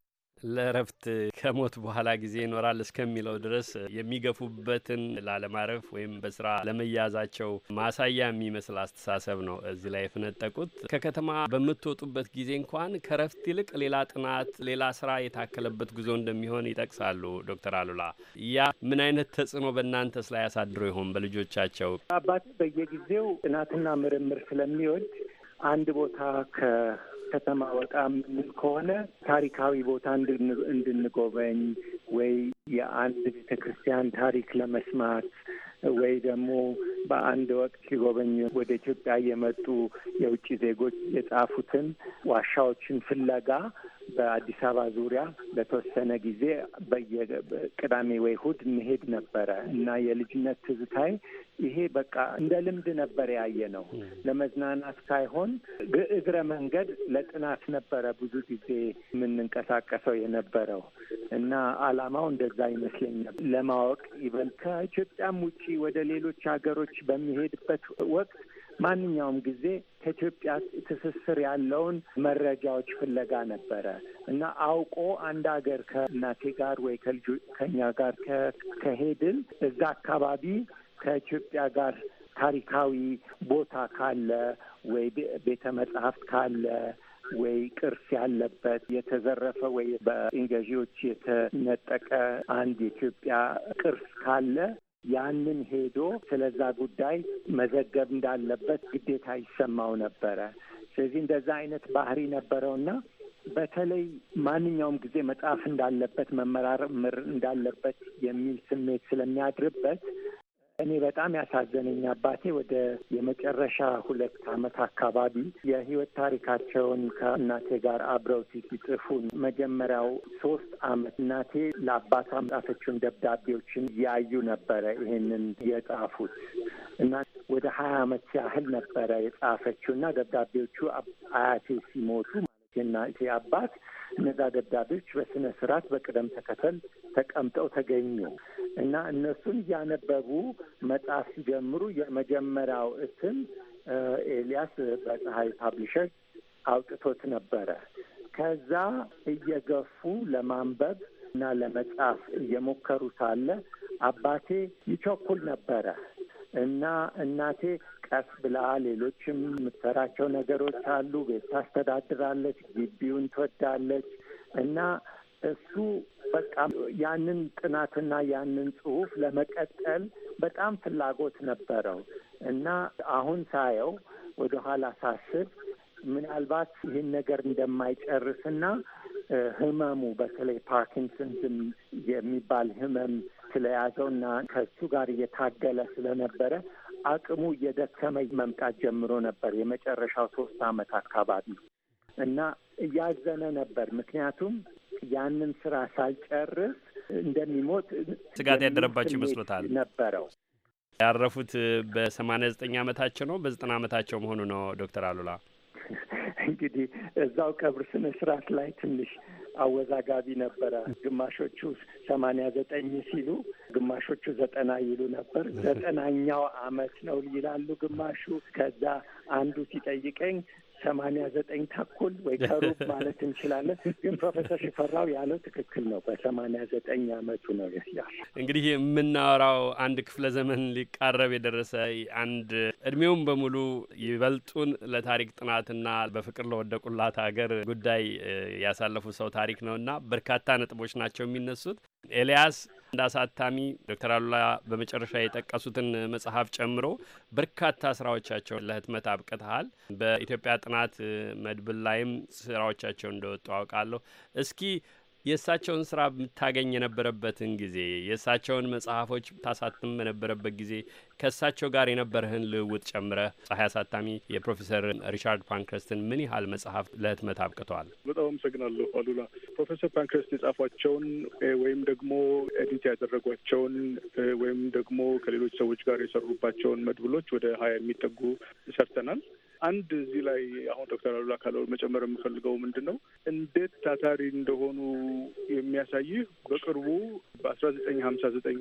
ለእረፍት ከሞት በኋላ ጊዜ ይኖራል እስከሚለው ድረስ የሚገፉበትን ላለማረፍ ወይም በስራ ለመያዛቸው ማሳያ የሚመስል አስተሳሰብ ነው እዚህ ላይ የፈነጠቁት። ከከተማ በምትወጡበት ጊዜ እንኳን ከእረፍት ይልቅ ሌላ ጥናት፣ ሌላ ስራ የታከለበት ጉዞ እንደሚሆን ይጠቅሳሉ ዶክተር አሉላ። ያ ምን አይነት ተጽዕኖ በእናንተስ ላይ ያሳድሮ ይሆን? በልጆቻቸው አባት በየጊዜው ጥናትና ምርምር ስለሚወድ አንድ ቦታ ከ ከተማ ወጣ የምንል ከሆነ ታሪካዊ ቦታ እንድንጎበኝ ወይ የአንድ ቤተ ክርስቲያን ታሪክ ለመስማት ወይ ደግሞ በአንድ ወቅት ሊጎበኙ ወደ ኢትዮጵያ የመጡ የውጭ ዜጎች የጻፉትን ዋሻዎችን ፍለጋ በአዲስ አበባ ዙሪያ ለተወሰነ ጊዜ በየቅዳሜ ወይ እሑድ መሄድ ነበረ እና የልጅነት ትዝታይ ይሄ በቃ እንደ ልምድ ነበር ያየ ነው። ለመዝናናት ሳይሆን እግረ መንገድ ለጥናት ነበረ ብዙ ጊዜ የምንንቀሳቀሰው የነበረው እና አላማው እንደ እንደዛ ይመስለኛል ለማወቅ ይበል ከኢትዮጵያም ውጪ ወደ ሌሎች ሀገሮች በሚሄድበት ወቅት ማንኛውም ጊዜ ከኢትዮጵያ ትስስር ያለውን መረጃዎች ፍለጋ ነበረ እና አውቆ አንድ ሀገር ከእናቴ ጋር ወይ ከልጁ ከኛ ጋር ከሄድን እዛ አካባቢ ከኢትዮጵያ ጋር ታሪካዊ ቦታ ካለ ወይ ቤተ መጽሐፍት ካለ ወይ ቅርስ ያለበት የተዘረፈ ወይ በኢንገዢዎች የተነጠቀ አንድ የኢትዮጵያ ቅርስ ካለ ያንን ሄዶ ስለዛ ጉዳይ መዘገብ እንዳለበት ግዴታ ይሰማው ነበረ። ስለዚህ እንደዛ አይነት ባህሪ ነበረውና በተለይ ማንኛውም ጊዜ መጽሐፍ እንዳለበት መመራመር እንዳለበት የሚል ስሜት ስለሚያድርበት እኔ በጣም ያሳዘነኝ አባቴ ወደ የመጨረሻ ሁለት ዓመት አካባቢ የህይወት ታሪካቸውን ከእናቴ ጋር አብረው ሲጽፉን መጀመሪያው ሶስት ዓመት እናቴ ለአባቷ ጻፈችውን ደብዳቤዎችን ያዩ ነበረ ይሄንን የጻፉት እና ወደ ሀያ ዓመት ያህል ነበረ የጻፈችው እና ደብዳቤዎቹ አያቴ ሲሞቱ እቴና እቴ አባት እነዛ ደብዳቤዎች በስነ ስርዓት በቅደም ተከተል ተቀምጠው ተገኙ እና እነሱን እያነበቡ መጽሐፍ ሲጀምሩ የመጀመሪያው እትም ኤልያስ በፀሐይ ፓብሊሸር አውጥቶት ነበረ። ከዛ እየገፉ ለማንበብ እና ለመጻፍ እየሞከሩ ሳለ አባቴ ይቸኩል ነበረ እና እናቴ ቀስ ብላ ሌሎችም የምትሰራቸው ነገሮች አሉ። ቤት ታስተዳድራለች፣ ግቢውን ትወዳለች እና እሱ በቃ ያንን ጥናትና ያንን ጽሑፍ ለመቀጠል በጣም ፍላጎት ነበረው እና አሁን ሳየው ወደኋላ ሳስብ ምናልባት ይህን ነገር እንደማይጨርስና ህመሙ በተለይ ፓርኪንሰንስ የሚባል ህመም ስለያዘውና ከሱ ጋር እየታገለ ስለነበረ አቅሙ እየደከመ መምጣት ጀምሮ ነበር የመጨረሻው ሶስት አመት አካባቢ እና እያዘነ ነበር። ምክንያቱም ያንን ስራ ሳልጨርስ እንደሚሞት ስጋት ያደረባቸው ይመስሎታል ነበረው። ያረፉት በሰማንያ ዘጠኝ አመታቸው ነው በዘጠና አመታቸው መሆኑ ነው ዶክተር አሉላ እንግዲህ እዛው ቀብር ስነ ስርዓት ላይ ትንሽ አወዛጋቢ ነበረ። ግማሾቹ ሰማንያ ዘጠኝ ሲሉ፣ ግማሾቹ ዘጠና ይሉ ነበር። ዘጠናኛው አመት ነው ይላሉ ግማሹ። ከዛ አንዱ ሲጠይቀኝ ሰማንያ ዘጠኝ ተኩል ወይ ከሩብ ማለት እንችላለን። ግን ፕሮፌሰር ሽፈራው ያለው ትክክል ነው። በሰማንያ ዘጠኝ አመቱ ነው ያለ። እንግዲህ የምናወራው አንድ ክፍለ ዘመን ሊቃረብ የደረሰ አንድ እድሜውን በሙሉ ይበልጡን ለታሪክ ጥናትና በፍቅር ለወደቁላት ሀገር ጉዳይ ያሳለፉ ሰው ታሪክ ነውና በርካታ ነጥቦች ናቸው የሚነሱት። ኤልያስ እንደ አሳታሚ ዶክተር አሉላ በመጨረሻ የጠቀሱትን መጽሐፍ ጨምሮ በርካታ ስራዎቻቸውን ለህትመት አብቅተሃል። በኢትዮጵያ ጥናት መድብል ላይም ስራዎቻቸው እንደወጡ አውቃለሁ። እስኪ የእሳቸውን ስራ ምታገኝ የነበረበትን ጊዜ የእሳቸውን መጽሐፎች ታሳትም በነበረበት ጊዜ ከእሳቸው ጋር የነበረህን ልውውጥ ጨምረ ፀሐይ አሳታሚ የፕሮፌሰር ሪቻርድ ፓንክረስትን ምን ያህል መጽሐፍ ለህትመት አብቅተዋል? በጣም አመሰግናለሁ አሉላ። ፕሮፌሰር ፓንክረስት የጻፏቸውን ወይም ደግሞ ኤዲት ያደረጓቸውን ወይም ደግሞ ከሌሎች ሰዎች ጋር የሰሩባቸውን መድብሎች ወደ ሀያ የሚጠጉ ሰርተናል። አንድ እዚህ ላይ አሁን ዶክተር አሉላ ካለው መጨመር የምፈልገው ምንድን ነው እንዴት ታታሪ እንደሆኑ የሚያሳይህ በቅርቡ በአስራ ዘጠኝ ሀምሳ ዘጠኝ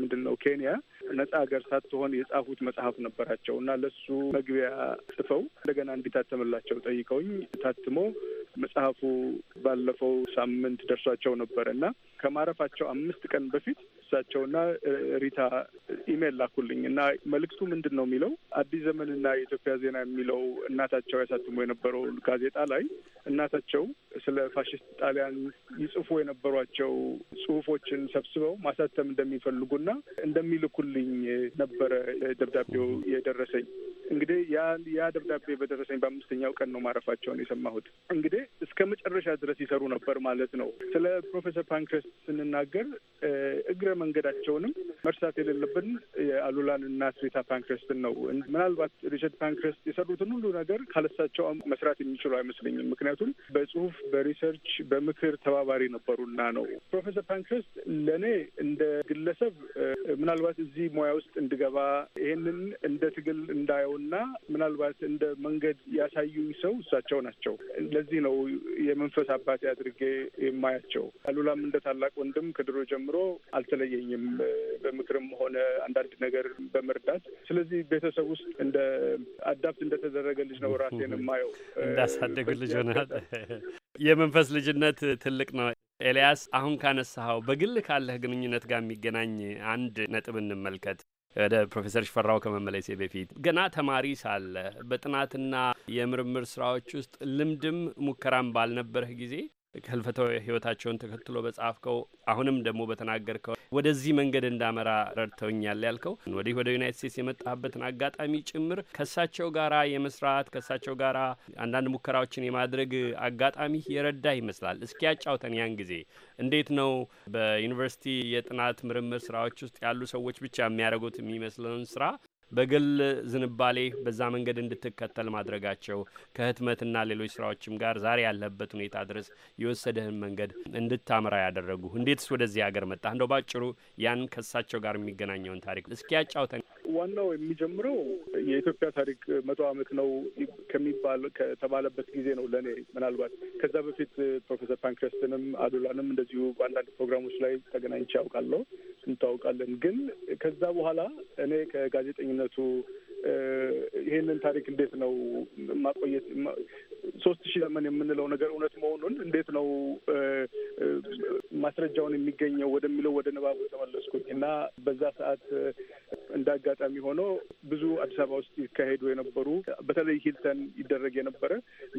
ምንድን ነው ኬንያ ነጻ ሀገር ሳትሆን የጻፉት መጽሐፍ ነበራቸው እና ለሱ መግቢያ ጽፈው እንደገና እንዲታተምላቸው ጠይቀውኝ ታትሞ መጽሐፉ ባለፈው ሳምንት ደርሷቸው ነበር እና ከማረፋቸው አምስት ቀን በፊት እሳቸውና ሪታ ኢሜል ላኩልኝ እና መልእክቱ ምንድን ነው የሚለው አዲስ ዘመንና የኢትዮጵያ ዜና የሚለው እናታቸው ያሳትሞ የነበረው ጋዜጣ ላይ እናታቸው ስለ ፋሽስት ጣሊያን ይጽፉ የነበሯቸው ጽሁፎችን ሰብስበው ማሳተም እንደሚፈልጉና እንደሚልኩልኝ ነበረ ደብዳቤው የደረሰኝ። እንግዲህ ያ ያ ደብዳቤ በደረሰኝ በአምስተኛው ቀን ነው ማረፋቸውን የሰማሁት። እንግዲህ እስከ መጨረሻ ድረስ ይሰሩ ነበር ማለት ነው። ስለ ፕሮፌሰር ፓንክረስ ስንናገር እግረ መንገዳቸውንም መርሳት የሌለብን የአሉላን እና ሪታ ፓንክረስትን ነው። ምናልባት ሪቸርድ ፓንክረስት የሰሩትን ሁሉ ነገር ካለሳቸው መስራት የሚችሉ አይመስለኝም ምክንያቱ ምክንያቱም በጽሁፍ በሪሰርች በምክር ተባባሪ ነበሩና ነው። ፕሮፌሰር ፓንክረስት ለእኔ እንደ ግለሰብ ምናልባት እዚህ ሙያ ውስጥ እንድገባ ይሄንን እንደ ትግል እንዳየውና ምናልባት እንደ መንገድ ያሳዩኝ ሰው እሳቸው ናቸው። ለዚህ ነው የመንፈስ አባቴ አድርጌ የማያቸው። አሉላም እንደ ታላቅ ወንድም ከድሮ ጀምሮ አልተለየኝም በምክርም ሆነ አንዳንድ ነገር በመርዳት ስለዚህ ቤተሰብ ውስጥ እንደ አዳፕት እንደተደረገ ልጅ ነው ራሴን የማየው እንዳሳደግ ልጅ ሆነ የመንፈስ ልጅነት ትልቅ ነው። ኤልያስ፣ አሁን ካነሳኸው በግል ካለህ ግንኙነት ጋር የሚገናኝ አንድ ነጥብ እንመልከት። ወደ ፕሮፌሰር ሽፈራው ከመመለሴ በፊት ገና ተማሪ ሳለ በጥናትና የምርምር ስራዎች ውስጥ ልምድም ሙከራም ባልነበረህ ጊዜ ከህልፈተ ህይወታቸውን ተከትሎ በጻፍከው አሁንም ደግሞ በተናገርከው ወደዚህ መንገድ እንዳመራ ረድተውኛል ያልከው ወዲህ ወደ ዩናይት ስቴትስ የመጣህበትን አጋጣሚ ጭምር ከእሳቸው ጋራ የመስራት ከእሳቸው ጋራ አንዳንድ ሙከራዎችን የማድረግ አጋጣሚ የረዳ ይመስላል። እስኪ ያጫውተን ያን ጊዜ እንዴት ነው በዩኒቨርሲቲ የጥናት ምርምር ስራዎች ውስጥ ያሉ ሰዎች ብቻ የሚያደርጉት የሚመስለውን ስራ በግል ዝንባሌ በዛ መንገድ እንድትከተል ማድረጋቸው ከህትመትና ሌሎች ስራዎችም ጋር ዛሬ ያለበት ሁኔታ ድረስ የወሰደህን መንገድ እንድታምራ ያደረጉ እንዴትስ ወደዚህ ሀገር መጣ? እንደው ባጭሩ ያን ከሳቸው ጋር የሚገናኘውን ታሪክ እስኪ ያጫውተን። ዋናው የሚጀምረው የኢትዮጵያ ታሪክ መቶ ዓመት ነው ከሚባል ከተባለበት ጊዜ ነው ለእኔ ምናልባት ከዛ በፊት ፕሮፌሰር ፓንክረስትንም አዶላንም እንደዚሁ በአንዳንድ ፕሮግራሞች ላይ ተገናኝቼ ያውቃለሁ። እንታወቃለን። ግን ከዛ በኋላ እኔ ከጋዜጠኝነቱ ይሄንን ታሪክ እንዴት ነው ማቆየት ሶስት ሺህ ዘመን የምንለው ነገር እውነት መሆኑን እንዴት ነው ማስረጃውን የሚገኘው ወደሚለው ወደ ንባቡ ተመለስኩኝ እና በዛ ሰዓት እንደ አጋጣሚ ሆኖ ብዙ አዲስ አበባ ውስጥ ይካሄዱ የነበሩ በተለይ ሂልተን ይደረግ የነበረ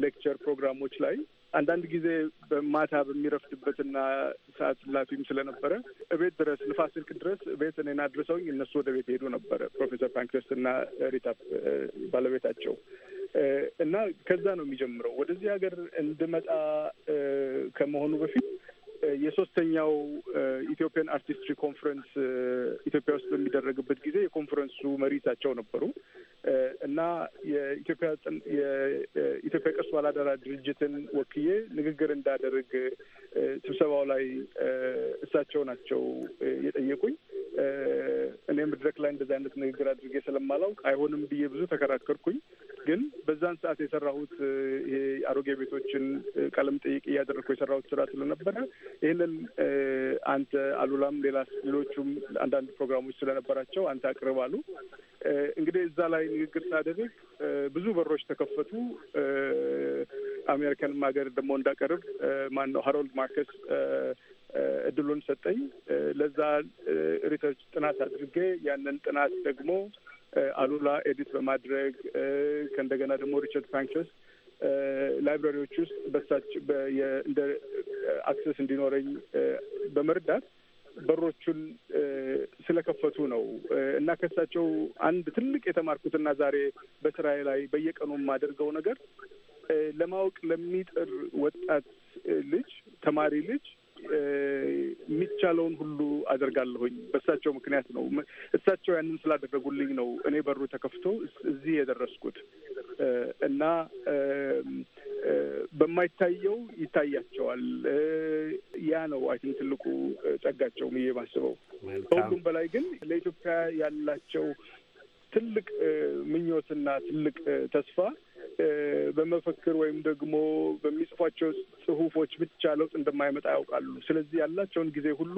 ሌክቸር ፕሮግራሞች ላይ አንዳንድ ጊዜ በማታ በሚረፍድበትና ሰዓት ላፊም ስለነበረ እቤት ድረስ ንፋስ ስልክ ድረስ ቤት እኔን አድርሰውኝ እነሱ ወደ ቤት ሄዱ ነበረ ፕሮፌሰር ፓንክረስት እና ሪታ ባለቤታቸው እና ከዛ ነው የሚጀምረው። ወደዚህ ሀገር እንድመጣ ከመሆኑ በፊት የሶስተኛው ኢትዮጵያን አርቲስትሪ ኮንፈረንስ ኢትዮጵያ ውስጥ በሚደረግበት ጊዜ የኮንፈረንሱ መሪታቸው ነበሩ እና የኢትዮጵያ ቅርስ ባላደራ ድርጅትን ወክዬ ንግግር እንዳደርግ ስብሰባው ላይ እሳቸው ናቸው የጠየቁኝ። እኔ መድረክ ላይ እንደዚህ አይነት ንግግር አድርጌ ስለማላውቅ አይሆንም ብዬ ብዙ ተከራከርኩኝ። ግን በዛን ሰዓት የሰራሁት አሮጌ ቤቶችን ቀለም ጠይቅ እያደረግኩ የሰራሁት ስራ ስለነበረ ይህንን አንተ አሉላም ሌላ ሌሎቹም አንዳንድ ፕሮግራሞች ስለነበራቸው አንተ አቅርብ አሉ። እንግዲህ እዛ ላይ ንግግር ሳደርግ ብዙ በሮች ተከፈቱ። አሜሪካንም ሀገር ደግሞ እንዳቀርብ ማን ነው ሀሮልድ ማርከስ እድሉን ሰጠኝ። ለዛ ሪሰርች ጥናት አድርጌ ያንን ጥናት ደግሞ አሉላ ኤዲት በማድረግ ከእንደገና ደግሞ ሪቸርድ ፍራንክስ ላይብራሪዎች ውስጥ በሳች እንደ አክሰስ እንዲኖረኝ በመርዳት በሮቹን ስለከፈቱ ነው እና ከሳቸው አንድ ትልቅ የተማርኩትና ዛሬ በስራዬ ላይ በየቀኑ የማደርገው ነገር ለማወቅ ለሚጥር ወጣት ልጅ ተማሪ ልጅ የሚቻለውን ሁሉ አደርጋለሁኝ። በእሳቸው ምክንያት ነው። እሳቸው ያንን ስላደረጉልኝ ነው እኔ በሩ ተከፍቶ እዚህ የደረስኩት እና በማይታየው ይታያቸዋል። ያ ነው አይ ቲንክ ትልቁ ጸጋቸው ብዬ ማስበው። ከሁሉም በላይ ግን ለኢትዮጵያ ያላቸው ትልቅ ምኞትና ትልቅ ተስፋ በመፈክር ወይም ደግሞ በሚጽፏቸው ጽሁፎች ብቻ ለውጥ እንደማይመጣ ያውቃሉ። ስለዚህ ያላቸውን ጊዜ ሁሉ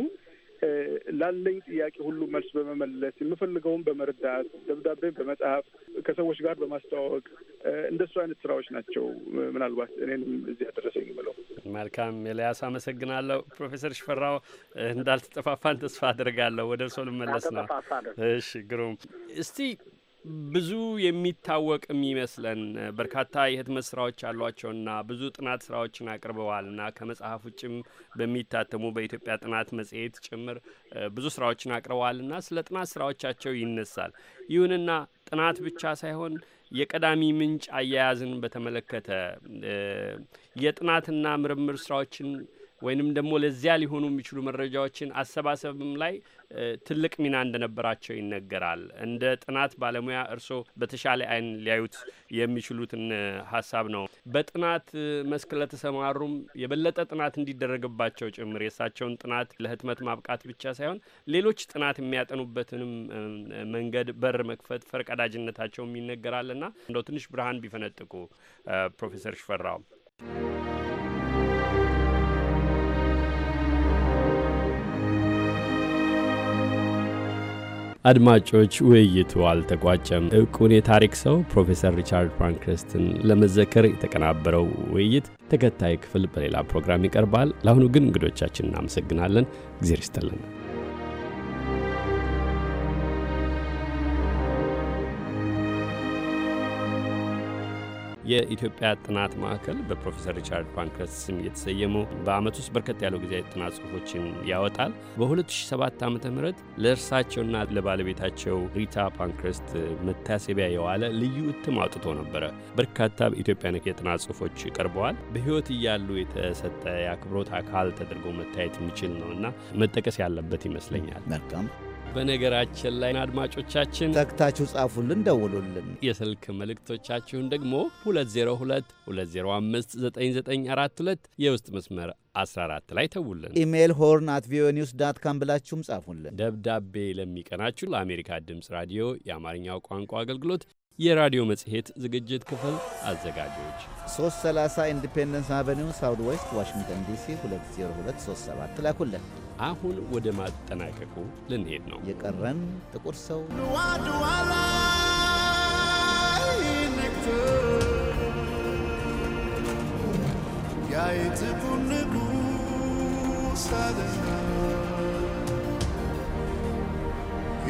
ላለኝ ጥያቄ ሁሉ መልስ በመመለስ የምፈልገውን በመርዳት ደብዳቤ በመጽሐፍ ከሰዎች ጋር በማስተዋወቅ እንደሱ አይነት ስራዎች ናቸው። ምናልባት እኔንም እዚህ ያደረሰኝ የምለው መልካም ኤልያስ፣ አመሰግናለሁ። ፕሮፌሰር ሽፈራው እንዳልተጠፋፋን ተስፋ አድርጋለሁ። ወደ እርሶ ልመለስ ነው። እሺ ግሩም፣ እስቲ ብዙ የሚታወቅ የሚመስለን በርካታ የህትመት ስራዎች ያሏቸውና ብዙ ጥናት ስራዎችን አቅርበዋልና ከመጽሐፍ ውጭም በሚታተሙ በኢትዮጵያ ጥናት መጽሔት ጭምር ብዙ ስራዎችን አቅርበዋልና ስለ ጥናት ስራዎቻቸው ይነሳል። ይሁንና ጥናት ብቻ ሳይሆን የቀዳሚ ምንጭ አያያዝን በተመለከተ የጥናትና ምርምር ስራዎችን ወይንም ደግሞ ለዚያ ሊሆኑ የሚችሉ መረጃዎችን አሰባሰብም ላይ ትልቅ ሚና እንደነበራቸው ይነገራል። እንደ ጥናት ባለሙያ እርስዎ በተሻለ አይን ሊያዩት የሚችሉትን ሀሳብ ነው። በጥናት መስክ ለተሰማሩም የበለጠ ጥናት እንዲደረግባቸው ጭምር የእሳቸውን ጥናት ለህትመት ማብቃት ብቻ ሳይሆን ሌሎች ጥናት የሚያጠኑበትንም መንገድ በር መክፈት ፈርቀዳጅነታቸውም ና እንደው ትንሽ ብርሃን ቢፈነጥቁ ፕሮፌሰር ሽፈራው አድማጮች፣ ውይይቱ አልተቋጨም። እውቁን የታሪክ ሰው ፕሮፌሰር ሪቻርድ ፓንክረስትን ለመዘከር የተቀናበረው ውይይት ተከታይ ክፍል በሌላ ፕሮግራም ይቀርባል። ለአሁኑ ግን እንግዶቻችን እናመሰግናለን። እግዜር ይስጥልን። የኢትዮጵያ ጥናት ማዕከል በፕሮፌሰር ሪቻርድ ፓንክረስ ስም የተሰየመው በአመት ውስጥ በርከት ያለው ጊዜ ጥናት ጽሁፎችን ያወጣል። በ2007 ዓ ም ለእርሳቸውና ለባለቤታቸው ሪታ ፓንክረስት መታሰቢያ የዋለ ልዩ እትም አውጥቶ ነበረ። በርካታ ኢትዮጵያን የጥናት ጽሁፎች ቀርበዋል። በህይወት እያሉ የተሰጠ የአክብሮት አካል ተደርጎ መታየት የሚችል ነው እና መጠቀስ ያለበት ይመስለኛል። መልካም በነገራችን ላይ አድማጮቻችን ተክታችሁ ጻፉልን፣ ደውሉልን። የስልክ መልእክቶቻችሁን ደግሞ 2022059942 የውስጥ መስመር 14 ላይ ተውልን። ኢሜይል ሆርን አት ቪኦኤ ኒውስ ዳት ካም ብላችሁም ጻፉልን። ደብዳቤ ለሚቀናችሁ ለአሜሪካ ድምፅ ራዲዮ የአማርኛው ቋንቋ አገልግሎት የራዲዮ መጽሔት ዝግጅት ክፍል አዘጋጆች 330 ኢንዲፔንደንስ አቨኒው ሳውድ ዌስት ዋሽንግተን ዲሲ 20237 ላኩልን። አሁን ወደ ማጠናቀቁ ልንሄድ ነው። የቀረን ጥቁር ሰው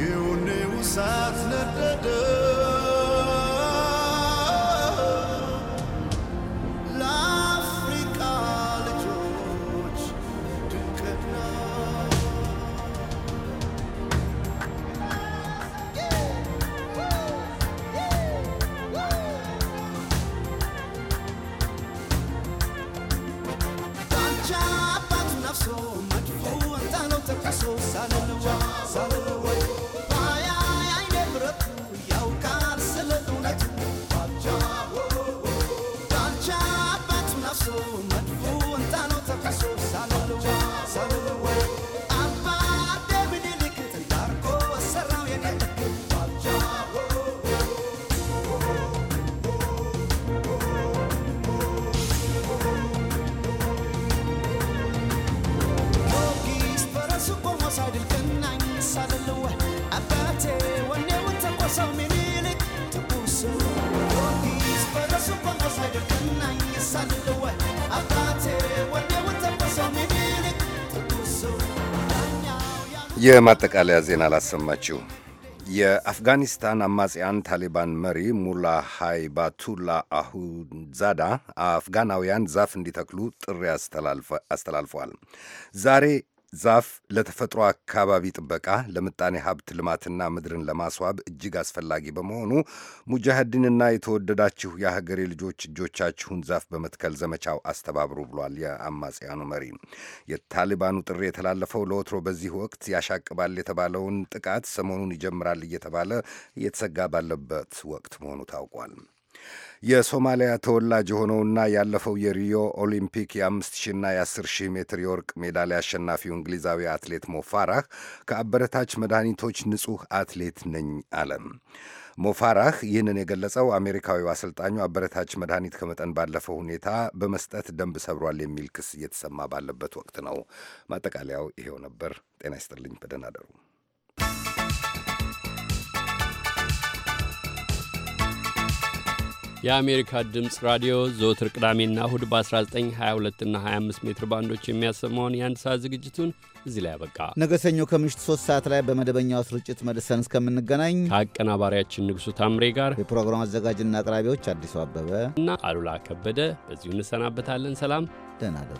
የውኔው ሳት ነደደ የማጠቃለያ ዜና አላሰማችሁ። የአፍጋኒስታን አማጽያን ታሊባን መሪ ሙላ ሃይባቱላ አሁንዛዳ አፍጋናውያን ዛፍ እንዲተክሉ ጥሪ አስተላልፈዋል። ዛሬ ዛፍ ለተፈጥሮ አካባቢ ጥበቃ፣ ለምጣኔ ሀብት ልማትና ምድርን ለማስዋብ እጅግ አስፈላጊ በመሆኑ ሙጃሂዲንና የተወደዳችሁ የሀገሬ ልጆች እጆቻችሁን ዛፍ በመትከል ዘመቻው አስተባብሩ ብሏል የአማጽያኑ መሪ። የታሊባኑ ጥሪ የተላለፈው ለወትሮ በዚህ ወቅት ያሻቅባል የተባለውን ጥቃት ሰሞኑን ይጀምራል እየተባለ እየተሰጋ ባለበት ወቅት መሆኑ ታውቋል። የሶማሊያ ተወላጅ የሆነውና ያለፈው የሪዮ ኦሊምፒክ 5 ሺና የአስር ሺህ ሜትር የወርቅ ሜዳሊያ አሸናፊው እንግሊዛዊ አትሌት ሞፋራህ ከአበረታች መድኃኒቶች ንጹሕ አትሌት ነኝ አለም። ሞፋራህ ይህንን የገለጸው አሜሪካዊው አሰልጣኙ አበረታች መድኃኒት ከመጠን ባለፈው ሁኔታ በመስጠት ደንብ ሰብሯል የሚል ክስ እየተሰማ ባለበት ወቅት ነው። ማጠቃለያው ይሄው ነበር። ጤና ይስጥልኝ። በደህና አደሩ። የአሜሪካ ድምፅ ራዲዮ ዘወትር ቅዳሜና እሁድ በ1922 እና 25 ሜትር ባንዶች የሚያሰማውን የአንድ ሰዓት ዝግጅቱን እዚህ ላይ ያበቃ። ነገ ሰኞ ከምሽቱ 3 ሰዓት ላይ በመደበኛው ስርጭት መልሰን እስከምንገናኝ ከአቀናባሪያችን ንጉሡ ታምሬ ጋር የፕሮግራም አዘጋጅና አቅራቢዎች አዲሱ አበበ እና አሉላ ከበደ በዚሁ እንሰናበታለን። ሰላም፣ ደህና ደሩ።